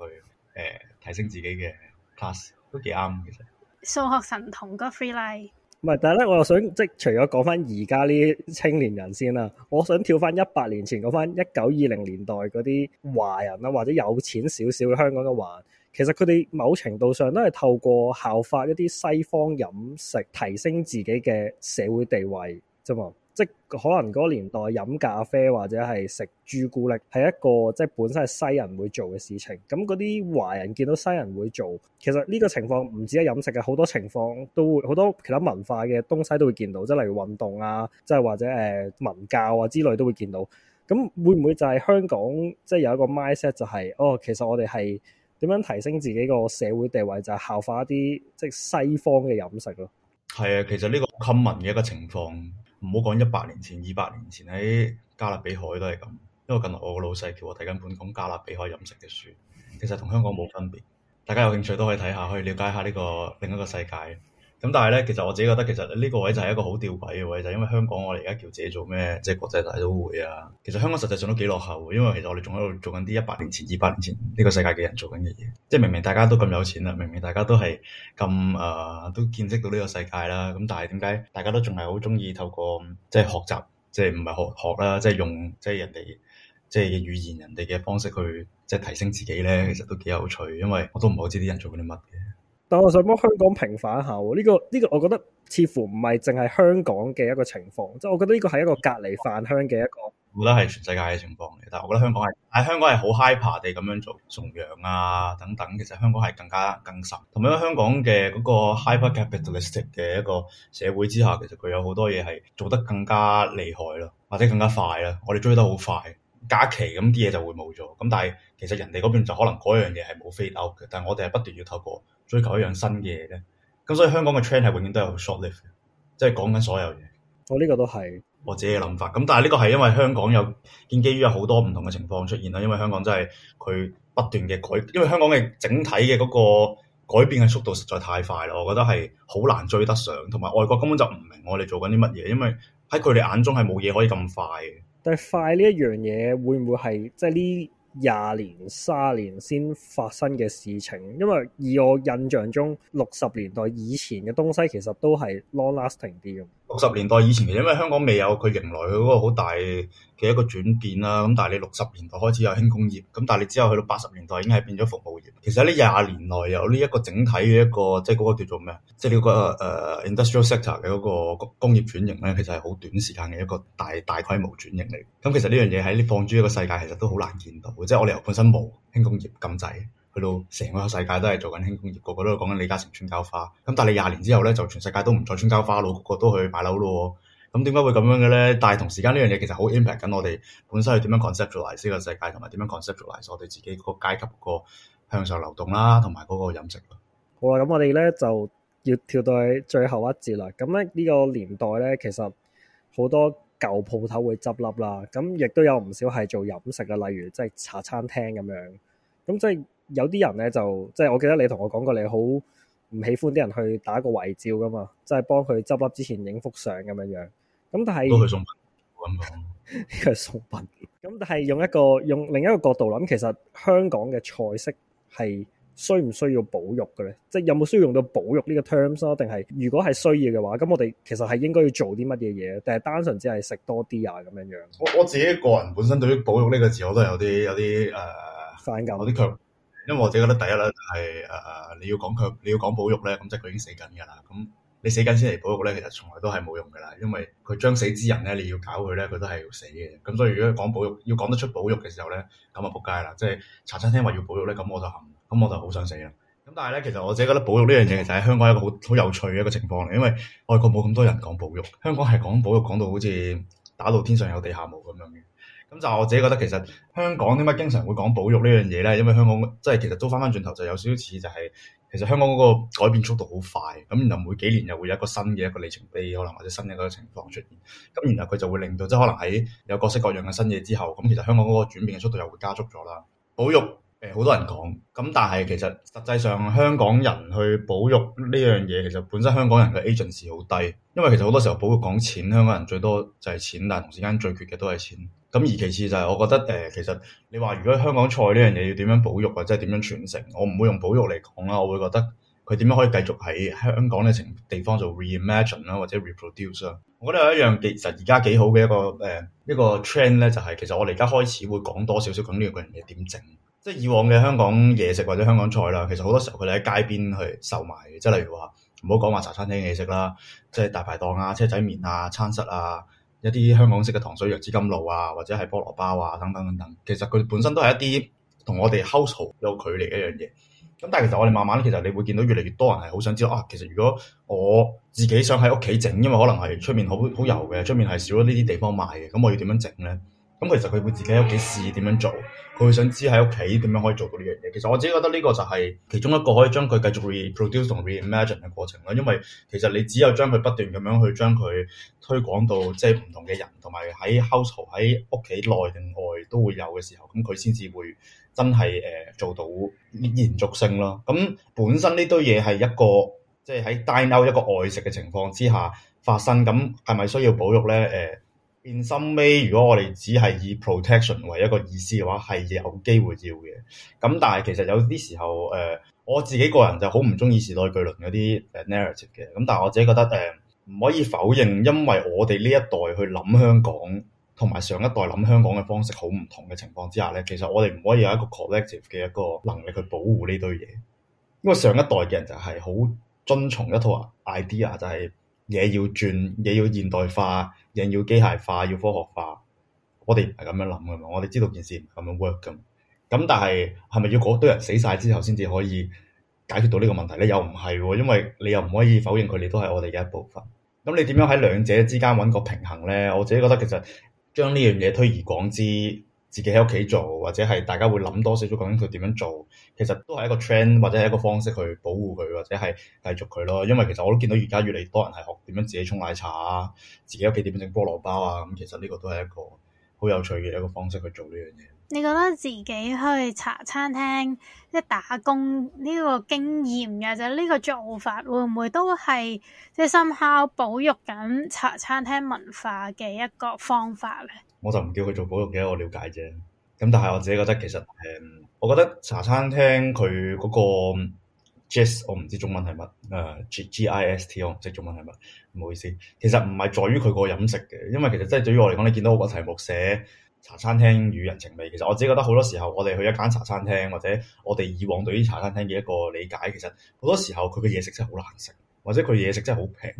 Speaker 3: 呃、提升自己嘅 class，都幾啱其實。
Speaker 2: 數學神童 Godfrey 咧，
Speaker 1: 唔係，但係咧我又想即係除咗講翻而家呢青年人先啦，我想跳翻一百年前嗰翻一九二零年代嗰啲華人啦，嗯、或者有錢少少香港嘅華人。其實佢哋某程度上都係透過效法一啲西方飲食，提升自己嘅社會地位啫嘛。即可能嗰個年代飲咖啡或者係食朱古力係一個即係本身係西人會做嘅事情。咁嗰啲華人見到西人會做，其實呢個情況唔止係飲食嘅，好多情況都會好多其他文化嘅東西都會見到，即係例如運動啊，即係或者誒文教啊之類都會見到。咁會唔會就係香港即係有一個 mindset 就係哦，其實我哋係。點樣提升自己個社會地位就係、是、效仿一啲即係西方嘅飲食咯。
Speaker 3: 係啊，其實呢個殖民嘅一個情況，唔好講一百年前、二百年前喺加勒比海都係咁。因為近嚟我個老細叫我睇緊本講加勒比海飲食嘅書，其實同香港冇分別。大家有興趣都可以睇下，可以了解下呢、這個另一個世界。咁但係咧，其實我自己覺得，其實呢個位就係一個好吊詭嘅位，就因為香港我哋而家叫自己做咩，即係國際大都會啊。其實香港實際上都幾落後，因為其實我哋仲喺度做緊啲一百年前、二百年前呢個世界嘅人做緊嘅嘢。即係明明大家都咁有錢啦，明明大家都係咁誒，都見識到呢個世界啦。咁但係點解大家都仲係好中意透過即係學習，即係唔係學學啦，即係用即係人哋即係語言人哋嘅方式去即係提升自己咧？其實都幾有趣，因為我都唔係好知啲人做緊啲乜嘅。
Speaker 1: 我想幫香港平反下，呢個呢個，這個，我覺得似乎唔係淨係香港嘅一個情況，即係我覺得呢個係一個隔離返鄉嘅一個，我
Speaker 3: 覺得係全世界嘅情況嚟。但係我覺得香港係，喺香港係好 hyper 地咁樣做崇洋啊等等，其實香港係更加更深，同埋香港嘅嗰個 hyper capitalistic 嘅一個社會之下，其實佢有好多嘢係做得更加厲害咯，或者更加快啦，我哋追得好快。假期咁啲嘢就會冇咗咁，但係其實人哋嗰邊就可能嗰樣嘢係冇 fade out 嘅，但係我哋係不斷要透過追求一樣新嘅嘢咧。咁所以香港嘅 trend 係永遠都有 short life，即係講緊所有嘢。
Speaker 1: 我呢、哦呢個都係
Speaker 3: 我自己嘅諗法。咁但係呢個係因為香港有建基於有好多唔同嘅情況出現啦。因為香港真係佢不斷嘅改，因為香港嘅整體嘅嗰個改變嘅速度實在太快啦。我覺得係好難追得上，同埋外國根本就唔明我哋做緊啲乜嘢，因為喺佢哋眼中係冇嘢可以咁快嘅。
Speaker 1: 但係快呢一樣嘢會唔會係即係呢廿年、卅年先發生嘅事情？因為以我印象中六十年代以前嘅東西其實都係 long-lasting 啲嘅。六十
Speaker 3: 年代以前，其實因為香港未有佢迎來佢嗰個好大嘅一個轉變啦。咁但係你六十年代開始有輕工業，咁但係你之後去到八十年代已經係變咗服務業。其實呢廿年內有呢一個整體嘅一個即係嗰個叫做咩，即係、呢個、嗰個誒、uh, industrial sector 嘅嗰個工業轉型咧，其實係好短時間嘅一個大大規模轉型嚟。咁其實呢樣嘢喺放諸一個世界，其實都好難見到，即係我哋由本身冇輕工業咁滯。去到成個世界都係做緊輕工業，個個都去講緊李嘉誠穿膠花咁。但係你廿年之後咧，就全世界都唔再穿膠花咯，個個都去買樓咯。咁點解會咁樣嘅咧？但係同時間呢樣嘢其實好 impact 緊我哋本身係點樣 conceptualize 呢個世界，同埋點樣 conceptualize 我哋自己嗰個階級個向上流動啦，同埋嗰個飲食啦。
Speaker 1: 好啦，咁我哋咧就要跳到最後一節啦。咁咧呢個年代咧，其實好多舊鋪頭會執笠啦。咁亦都有唔少係做飲食啊，例如即係茶餐廳咁樣咁即係。有啲人咧就即係，我記得你同我講過，你好唔喜歡啲人去打個遺照噶嘛？即係幫佢執笠之前影幅相咁樣樣。咁但係都係送品，我咁講， (laughs) 送品。咁 (laughs) 但係用一個用另一個角度諗，其實香港嘅菜式係需唔需要保育嘅咧？即係有冇需要用到保育呢個 terms 咯？定係如果係需要嘅話，咁我哋其實係應該要做啲乜嘢嘢？定係單純只係食多啲啊？咁樣樣。
Speaker 3: 我我自己個人本身對於保育呢個字，我都有啲有啲誒，反感啲因為我自己覺得第一呢，係誒你要講佢，你要講保育呢，咁即係佢已經死緊㗎啦。咁你死緊先嚟保育呢，其實從來都係冇用㗎啦。因為佢將死之人呢，你要搞佢呢，佢都係要死嘅。咁所以如果佢講保育，要講得出保育嘅時候呢，咁啊仆街啦。即係茶餐廳話要保育呢，咁我就行，咁我就好想死啦。咁但係呢，其實我自己覺得保育呢樣嘢就係香港一個好好有趣嘅一個情況嚟，因為外國冇咁多人講保育，香港係講保育講到好似打到天上有地下冇咁樣嘅。咁就我自己覺得其其、就是，其實香港點解經常會講保育呢樣嘢咧？因為香港即係其實都翻翻轉頭，就有少少似就係其實香港嗰個改變速度好快。咁然後每幾年又會有一個新嘅一個里程碑，可能或者新嘅一個情況出現。咁然後佢就會令到即係可能喺有各式各樣嘅新嘢之後，咁其實香港嗰個轉變嘅速度又會加速咗啦。保育誒，好多人講咁，但係其實實際上香港人去保育呢樣嘢，其實本身香港人嘅 agency 好低，因為其實好多時候保育講錢，香港人最多就係錢，但係同時間最缺嘅都係錢。咁而其次就係我覺得誒，其實你話如果香港菜呢樣嘢要點樣保育或者點樣傳承，我唔會用保育嚟講啦，我會覺得佢點樣可以繼續喺香港呢個地方做 reimagine 啦或者 reproduce 啦。我覺得有一樣其實而家幾好嘅一個誒一個 trend 咧，就係、是、其實我哋而家開始會講多少少講呢人嘅點整。即、就、係、是、以往嘅香港嘢食或者香港菜啦，其實好多時候佢哋喺街邊去售賣，即係例如話唔好講話茶餐廳嘅嘢食啦，即、就、係、是、大排檔啊、車仔麵啊、餐室啊。一啲香港式嘅糖水、楊枝甘露啊，或者係菠蘿包啊，等等等等，其實佢本身都係一啲同我哋 house 有距離一樣嘢。咁但係其實我哋慢慢其實你會見到越嚟越多人係好想知道啊。其實如果我自己想喺屋企整，因為可能係出面好好油嘅，出面係少咗呢啲地方賣嘅，咁我要點樣整咧？咁其實佢會自己喺屋企試點樣做，佢會想知喺屋企點樣可以做到呢樣嘢。其實我自己覺得呢個就係其中一個可以將佢繼續 reproduce 同 reimagine 嘅過程啦。因為其實你只有將佢不斷咁樣去將佢推廣到即係唔同嘅人，同埋喺 h o u s e 喺屋企內定外都會有嘅時候，咁佢先至會真係誒做到延續性咯。咁本身呢堆嘢係一個即係喺 dine out 一個外食嘅情況之下發生，咁係咪需要保育咧？誒？In some way, 如果我哋只係以 protection 為一個意思嘅話，係有機會要嘅。咁但係其實有啲時候，誒、呃、我自己個人就好唔中意時代巨輪嗰啲誒 narrative 嘅。咁但係我自己覺得誒唔、呃、可以否認，因為我哋呢一代去諗香港同埋上一代諗香港嘅方式好唔同嘅情況之下咧，其實我哋唔可以有一個 collective 嘅一個能力去保護呢堆嘢，因為上一代嘅人就係好遵從一套 idea，就係嘢要轉，嘢要現代化。人要機械化，要科學化，我哋唔係咁樣諗噶嘛。我哋知道件事唔係咁樣 work 噶嘛，咁但係係咪要嗰堆人死晒之後先至可以解決到呢個問題咧？又唔係，因為你又唔可以否認佢哋都係我哋嘅一部分。咁你點樣喺兩者之間揾個平衡咧？我自己覺得其實將呢樣嘢推而廣之。自己喺屋企做，或者係大家會諗多少少，究竟佢點樣做？其實都係一個 trend，或者係一個方式去保護佢，或者係繼續佢咯。因為其實我都見到而家越嚟越多人係學點樣自己沖奶茶啊，自己屋企點整菠蘿包啊。咁、嗯、其實呢個都係一個好有趣嘅一個方式去做呢樣嘢。
Speaker 2: 你覺得自己去茶餐廳即係打工呢個經驗嘅就呢個做法，會唔會都係即係深刻保育緊茶餐廳文化嘅一個方法咧？
Speaker 3: 我就唔叫佢做保育嘅，我了解啫。咁但係我自己覺得，其實誒、嗯，我覺得茶餐廳佢嗰個 gist 我唔知中文係乜誒，g g i s t，我唔識中文係乜，唔好意思。其實唔係在於佢個飲食嘅，因為其實真係對於我嚟講，你見到我個題目寫茶餐廳與人情味，其實我自己覺得好多時候，我哋去一間茶餐廳或者我哋以往對於茶餐廳嘅一個理解，其實好多時候佢嘅嘢食真係好難食，或者佢嘢食真係好平，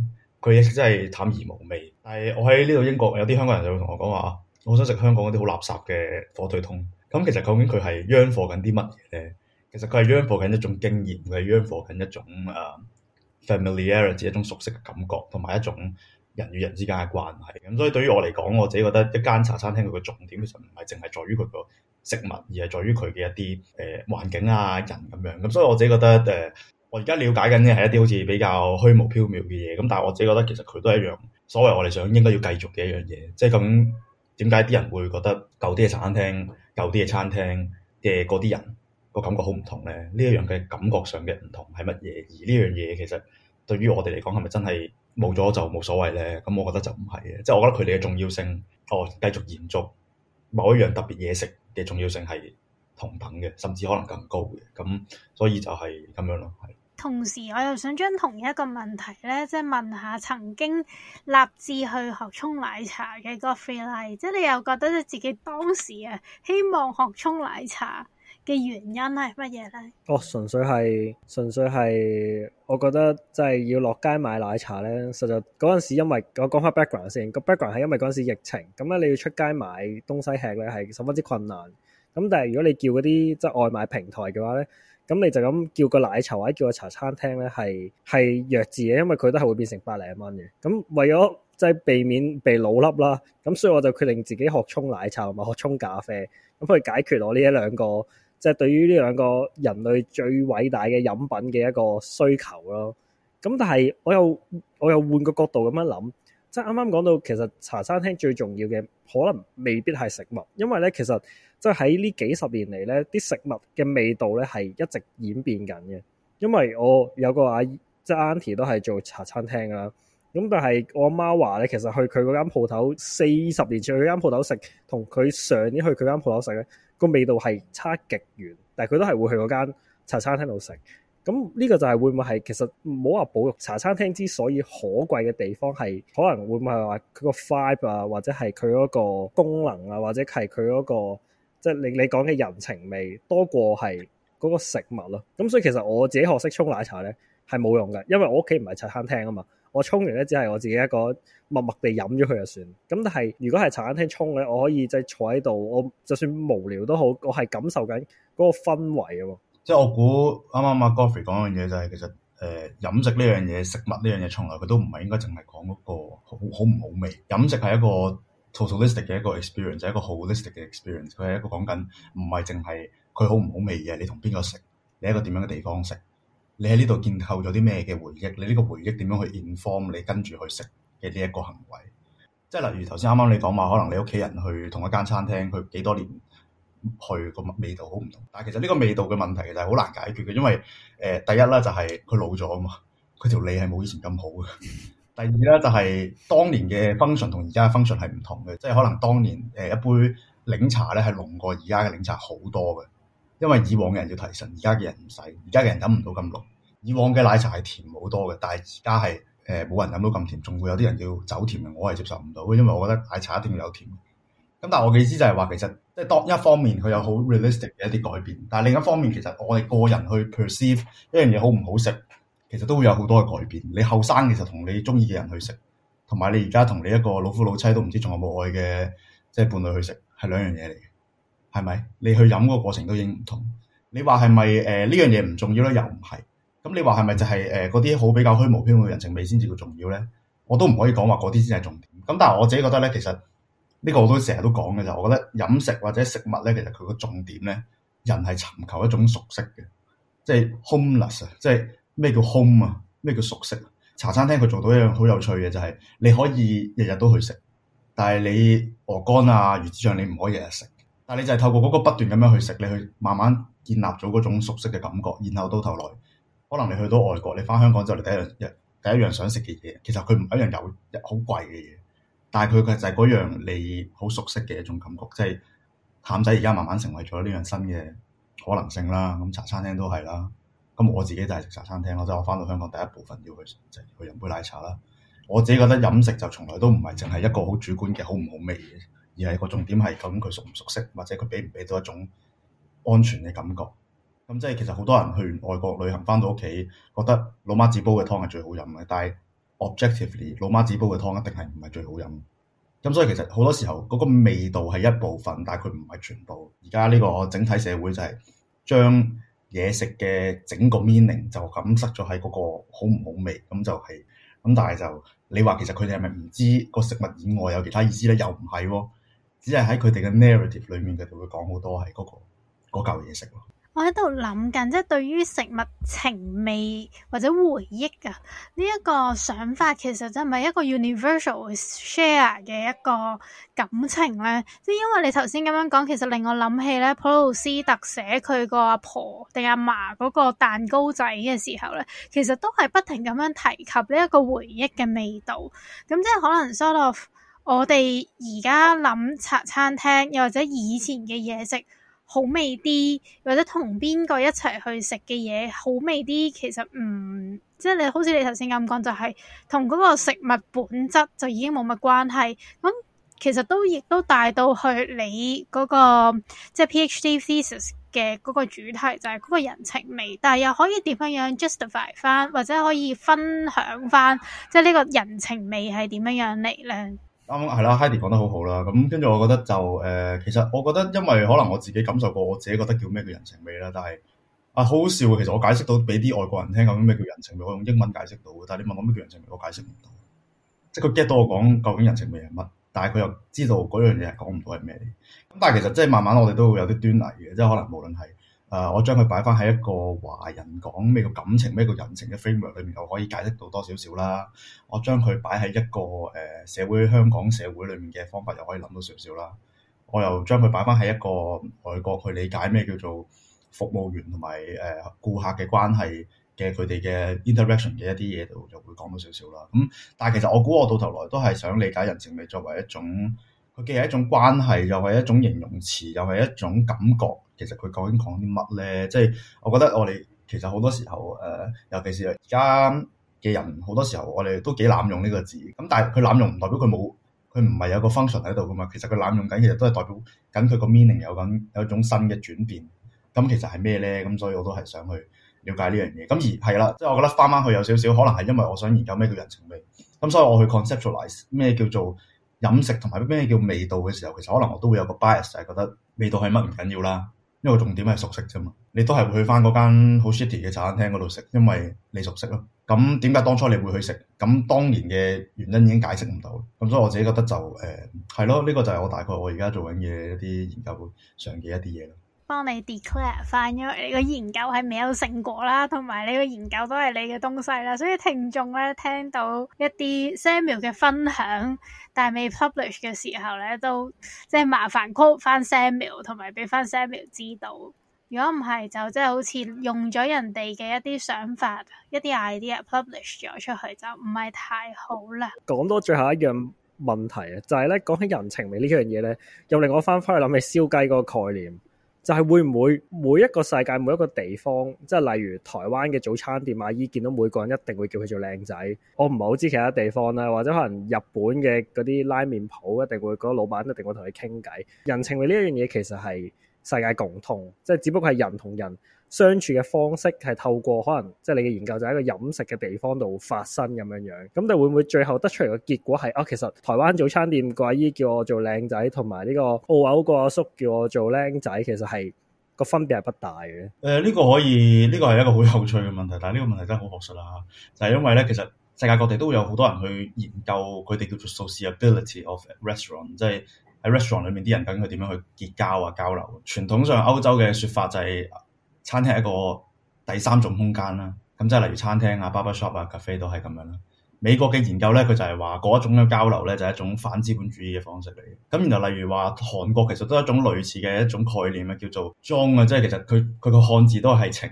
Speaker 3: 佢嘢食真係淡而無味。但係我喺呢度英國有啲香港人就會同我講話。我想食香港啲好垃圾嘅火腿通，咁其實究竟佢係央貨緊啲乜嘢咧？其實佢係央貨緊一種經驗，佢係央貨緊一種誒、uh, familiarity，一種熟悉嘅感覺，同埋一種人與人之間嘅關係。咁所以對於我嚟講，我自己覺得一間茶餐廳佢個重點其實唔係淨係在於佢個食物，而係在於佢嘅一啲誒、呃、環境啊、人咁、啊、樣。咁所以我自己覺得誒，uh, 我而家了解緊嘅係一啲好似比較虛無縹緲嘅嘢。咁但係我自己覺得其實佢都係一樣，所謂我哋想應該要繼續嘅一樣嘢，即係咁。點解啲人會覺得舊啲嘅餐廳、舊啲嘅餐廳嘅嗰啲人個感覺好唔同咧？呢一樣嘅感覺上嘅唔同係乜嘢？而呢樣嘢其實對於我哋嚟講係咪真係冇咗就冇所謂咧？咁我覺得就唔係嘅，即係我覺得佢哋嘅重要性哦，繼續延續某一樣特別嘢食嘅重要性係同等嘅，甚至可能更高嘅。咁所以就係咁樣咯，係。
Speaker 2: 同時，我又想將同一個問題咧，即係問下曾經立志去學沖奶茶嘅嗰個 freelancer 即係你又覺得你自己當時啊，希望學沖奶茶嘅原因係乜嘢咧？
Speaker 1: 哦，純粹係，純粹係，我覺得即係要落街買奶茶咧，實在嗰陣時因為我講翻 background 先，個 background 係因為嗰陣時疫情，咁咧你要出街買東西吃，咧係十分之困難。咁但係如果你叫嗰啲即係外賣平台嘅話咧。咁你就咁叫個奶茶或者叫個茶餐廳呢，係係弱智嘅，因為佢都係會變成百零蚊嘅。咁為咗即係避免被老笠啦，咁所以我就決定自己學沖奶茶同埋學沖咖啡，咁去解決我呢一兩個即係、就是、對於呢兩個人類最偉大嘅飲品嘅一個需求咯。咁但係我又我又換個角度咁樣諗，即係啱啱講到，其實茶餐廳最重要嘅可能未必係食物，因為呢其實。即係喺呢幾十年嚟呢，啲食物嘅味道呢係一直演變緊嘅。因為我有個阿姨即係阿姨都係做茶餐廳噶啦，咁但係我阿媽話呢，其實去佢嗰間鋪頭四十年前去佢間鋪頭食，同佢上年去佢間鋪頭食呢個味道係差極遠，但係佢都係會去嗰間茶餐廳度食。咁呢個就係會唔會係其實唔好話保育茶餐廳之所以可貴嘅地方係可能會唔係話佢個 vibe 啊，或者係佢嗰個功能啊，或者係佢嗰個。即係你你講嘅人情味多過係嗰個食物咯，咁所以其實我自己學識沖奶茶咧係冇用嘅，因為我屋企唔係茶餐廳啊嘛，我沖完咧只係我自己一個默默地飲咗佢就算。咁但係如果係茶餐廳沖咧，我可以就係坐喺度，我就算無聊都好，我係感受緊嗰個氛圍喎。
Speaker 3: 即係我估啱啱阿 Godfrey 講嘅嘢就係、是、其實誒、呃、飲食呢樣嘢，食物呢樣嘢從來佢都唔係應該淨係講嗰個好好唔好味，飲食係一個 totalistic 嘅一個 experience，就係一個好 l i s t i c 嘅 experience。佢係一個講緊，唔係淨係佢好唔好味嘅。你同邊個食？你一個點樣嘅地方食？你喺呢度建構咗啲咩嘅回憶？你呢個回憶點樣去 inform 你跟住去食嘅呢一個行為？即係例如頭先啱啱你講嘛，可能你屋企人去同一間餐廳，佢幾多年去味個味道好唔同。但係其實呢個味道嘅問題其實係好難解決嘅，因為誒、呃、第一啦，就係、是、佢老咗啊嘛，佢條脷係冇以前咁好嘅。 (laughs) 第二咧就係當年嘅 function 同而家嘅 function 係唔同嘅，即係可能當年誒一杯檸茶咧係濃過而家嘅檸茶好多嘅，因為以往嘅人要提神，而家嘅人唔使，而家嘅人飲唔到咁濃。以往嘅奶茶係甜好多嘅，但係而家係誒冇人飲到咁甜，仲會有啲人要走甜嘅，我係接受唔到嘅，因為我覺得奶茶一定要有甜。咁但係我嘅意思就係話，其實即係當一方面佢有好 realistic 嘅一啲改變，但係另一方面其實我哋個人去 perceive 一樣嘢好唔好食。其實都會有好多嘅改變。你後生其實同你中意嘅人去食，同埋你而家同你一個老夫老妻都唔知仲有冇愛嘅，即係伴侶去食係兩樣嘢嚟嘅，係咪？你去飲個過程都已經唔同。你話係咪？誒、呃、呢樣嘢唔重要咧，又唔係。咁你話係咪就係誒嗰啲好比較虛無縹緲嘅人情味先至叫重要咧？我都唔可以講話嗰啲先係重點。咁但係我自己覺得咧，其實呢、這個我都成日都講嘅就，我覺得飲食或者食物咧，其實佢個重點咧，人係尋求一種熟悉嘅，即係 homeless 啊，即係。咩叫 home 啊？咩叫熟悉啊？茶餐廳佢做到一樣好有趣嘅就係，你可以日日都去食，但係你鵝肝啊、魚子醬你唔可以日日食。但係你就係透過嗰個不斷咁樣去食，你去慢慢建立咗嗰種熟悉嘅感覺。然後到頭來，可能你去到外國，你翻香港就係第一樣、第一樣想食嘅嘢。其實佢唔係一樣有好貴嘅嘢，但係佢嘅就係嗰樣你好熟悉嘅一種感覺。即係譚仔而家慢慢成為咗呢樣新嘅可能性啦，咁茶餐廳都係啦。咁我自己就係食茶餐廳咯，即係我翻到香港第一部分要去就去飲杯奶茶啦。我自己覺得飲食就從來都唔係淨係一個好主觀嘅好唔好味嘅，而係個重點係究竟佢熟唔熟悉，或者佢俾唔俾到一種安全嘅感覺。咁即係其實好多人去外國旅行翻到屋企，覺得老媽子煲嘅湯係最好飲嘅，但係 objectively 老媽子煲嘅湯一定係唔係最好飲。咁所以其實好多時候嗰個味道係一部分，但係佢唔係全部。而家呢個整體社會就係將嘢食嘅整個 meaning 就咁塞咗喺嗰個好唔好味咁就係、係、咁，但係就你話其實佢哋係咪唔知個食物以外有其他意思咧？又唔係喎，只係喺佢哋嘅 narrative 裡面嘅就會講好多係嗰、嗰個嗰嚿嘢食咯。
Speaker 2: 我喺度諗緊，即係對於食物情味或者回憶啊，呢一個想法其實真係唔係一個 universal share 嘅一個感情咧。即係因為你頭先咁樣講，其實令我諗起咧，普魯斯特寫佢個阿婆定阿嫲嗰個蛋糕仔嘅時候咧，其實都係不停咁樣提及呢一個回憶嘅味道。咁即係可能 sort of 我哋而家諗茶餐廳，又或者以前嘅嘢食。好味啲，或者同邊個一齊去食嘅嘢好味啲，其實嗯，即係你好似你頭先咁講，就係同嗰個食物本質就已經冇乜關係。咁其實都亦都帶到去你嗰個即係 PhD thesis 嘅嗰個主題，就係嗰個人情味。但係又可以點樣樣 justify 翻，或者可以分享翻，即係呢個人情味係點樣樣嚟咧？啱啱係啦
Speaker 3: Haidee 講得好好啦。咁跟住，我覺得就誒、呃，其實我覺得，因為可能我自己感受過，我自己覺得叫咩叫人情味啦。但係啊，好笑，其實我解釋到俾啲外國人聽究竟咩叫人情味，我用英文解釋到，但係你問我咩叫人情味，我解釋唔到。即係佢 get 到我講究竟人情味係乜，但係佢又知道嗰樣嘢係講唔到係咩。咁但係其實即係慢慢我哋都會有啲端倪嘅，即係可能無論係。誒，uh, 我將佢擺翻喺一個華人講咩叫感情，咩叫人情嘅 framework 裏面，又可以解釋到多少少啦。我將佢擺喺一個誒、呃、社會香港社會裏面嘅方法，又可以諗到少少啦。我又將佢擺翻喺一個外國去理解咩叫做服務員同埋誒顧客嘅關係嘅佢哋嘅 interaction 嘅一啲嘢度，就會講到少少啦。咁、嗯、但係其實我估我到頭來都係想理解人情味作為一種，佢既係一種關係，又係一種形容詞，又係一種感覺。其實佢究竟講啲乜咧？即、就、係、是、我覺得我哋其實好多時候誒、呃，尤其是而家嘅人好多時候，我哋都幾濫用呢個字。咁但係佢濫用唔代表佢冇佢唔係有，有個 function 喺度㗎嘛。其實佢濫用緊，其實都係代表緊佢個 meaning 有緊有一種新嘅轉變。咁其實係咩咧？咁所以我都係想去了解呢樣嘢。咁而係啦，即係我覺得翻返去有少少可能係因為我想研究咩叫人情味。咁所以我去 conceptualize 咩叫做飲食同埋咩叫味道嘅時候，其實可能我都會有個 bias 就係覺得味道係乜唔緊要啦。因為重點係熟悉啫嘛，你都係會去返嗰間好 shitty 嘅茶餐廳嗰度食，因為你熟悉咯。咁點解當初你會去食？咁當年嘅原因已經解釋唔到。咁所以我自己覺得就誒係咯，呢個就係我大概我而家做緊嘅一啲研究上嘅一啲嘢咯。
Speaker 2: 幫你 declare 翻，因為你個研究係未有成果啦，同埋你個研究都係你嘅東西啦，所以聽眾咧聽到一啲 Samuel 嘅分享，但係未 publish 嘅時候咧，都即係麻煩 call 翻 Samuel，同埋俾翻 Samuel 知道。如果唔係，就即係好似用咗人哋嘅一啲想法、一啲 idea publish 咗出去，就唔係太好啦。
Speaker 1: 講多最後一樣問題啊，就係咧講起人情味呢樣嘢咧，又令我翻返去諗起燒雞嗰個概念。就係會唔會每一個世界每一個地方，即係例如台灣嘅早餐店阿姨見到每個人一定會叫佢做靚仔，我唔係好知其他地方啦，或者可能日本嘅嗰啲拉麵鋪一定會嗰個老闆一定會同佢傾偈，人情味呢樣嘢其實係世界共通，即係只不過係人同人相處嘅方式係透過可能即係、就是、你嘅研究就喺個飲食嘅地方度發生咁樣樣，咁你會唔會最後得出嚟嘅結果係哦、啊？其實台灣早餐店個阿姨叫我做靚仔，同埋呢個澳紐個阿叔叫我做靚仔，其實係、那個分別係不大嘅。誒、呃，呢、
Speaker 3: 這個可以，呢個係一個好有趣嘅問題，但係呢個問題真係好學術啦，就係、是、因為咧，其實世界各地都有好多人去研究佢哋叫做 sociability of restaurant，即係喺 restaurant 裏面啲人究竟佢點樣去結交啊交流？傳統上歐洲嘅説法就係、是。餐廳係一個第三種空間啦，咁即係例如餐廳啊、barber shop 啊、cafe 都係咁樣啦。美國嘅研究咧，佢就係話嗰一種嘅交流咧，就係、是、一種反資本主義嘅方式嚟嘅。咁然後例如話韓國其實都係一種類似嘅一種概念咧，叫做裝啊，即係其實佢佢個漢字都係情。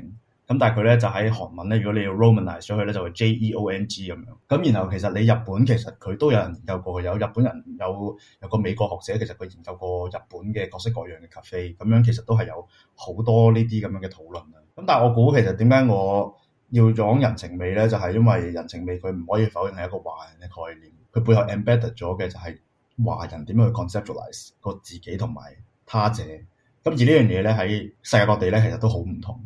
Speaker 3: 咁但係佢咧就喺韓文咧。如果你要 romanize 上去咧，就係 J E O N G 咁樣。咁然後其實你日本其實佢都有人研究過，有日本人有有個美國學者，其實佢研究過日本嘅各式各樣嘅 cafe 咁樣，其實都係有好多呢啲咁樣嘅討論啊。咁但係我估其實點解我要講人情味咧，就係因為人情味佢唔可以否認係一個華人嘅概念，佢背後 embedded 咗嘅就係華人點樣去 conceptualize 個自己同埋他者。咁而呢樣嘢咧喺世界各地咧，其實都好唔同。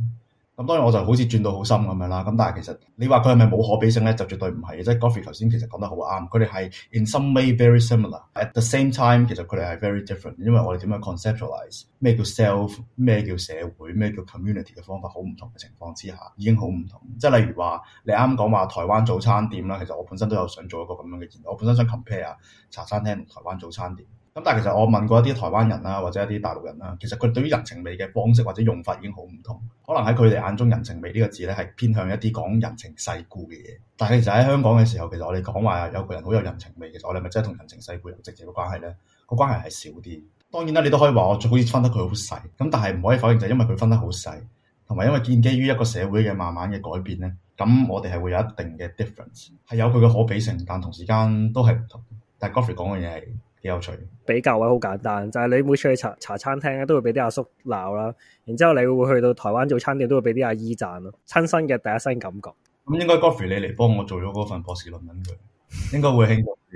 Speaker 3: 咁當然我就好似轉到好深咁樣啦。咁但係其實你話佢係咪冇可比性呢？就絕對唔係。即係 Godfrey 頭先其實講得好啱，佢哋係 in some way very similar，at the same time 其實佢哋係 very different。因為我哋點樣 conceptualize 咩叫 self，咩叫社會，咩叫 community 嘅方法好唔同嘅情況之下已經好唔同。即係例如話你啱講話台灣早餐店啦，其實我本身都有想做一個咁樣嘅研究。我本身想 compare 茶餐廳同台灣早餐店。咁但係其實我問過一啲台灣人啦、啊，或者一啲大陸人啦、啊，其實佢對於人情味嘅方式或者用法已經好唔同。可能喺佢哋眼中，人情味呢個字咧係偏向一啲講人情世故嘅嘢。但係其實喺香港嘅時候，其實我哋講話有個人好有人情味嘅時候，其實我哋係咪真係同人情世故有直接嘅關係咧？個關係係少啲。當然啦，你都可以話我好似分得佢好細咁，但係唔可以否認就係因為佢分得好細，同埋因為建基於一個社會嘅慢慢嘅改變咧。咁我哋係會有一定嘅 difference，係有佢嘅可比性，但同時間都係唔同。但係 Godfrey 講嘅嘢係。有趣，
Speaker 1: 比較話好簡單，就係、是、你每出去茶茶餐廳咧，都會俾啲阿叔鬧啦，然之後你會去到台灣早餐店，都會俾啲阿姨讚咯，親身嘅第一身感覺。咁
Speaker 3: 應該 Godfrey 你嚟幫我做咗嗰份博士論文，佢應該會興啲。 (laughs)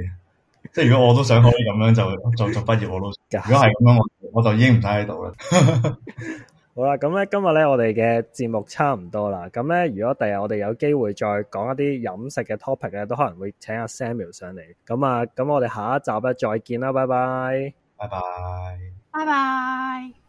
Speaker 3: 即係如果我都想可以咁樣，就就就畢業我都。 (laughs) 如果係咁樣，我我就已經唔使喺度啦。 (laughs)
Speaker 1: 好啦，咁、嗯、咧今日咧我哋嘅節目差唔多啦。咁、嗯、咧如果第日我哋有機會再講一啲飲食嘅 topic 咧，都可能會請阿、啊、Samuel 上嚟。咁、嗯、啊，咁、嗯嗯嗯、我哋下一集咧再見啦，拜拜，拜拜，
Speaker 2: 拜拜。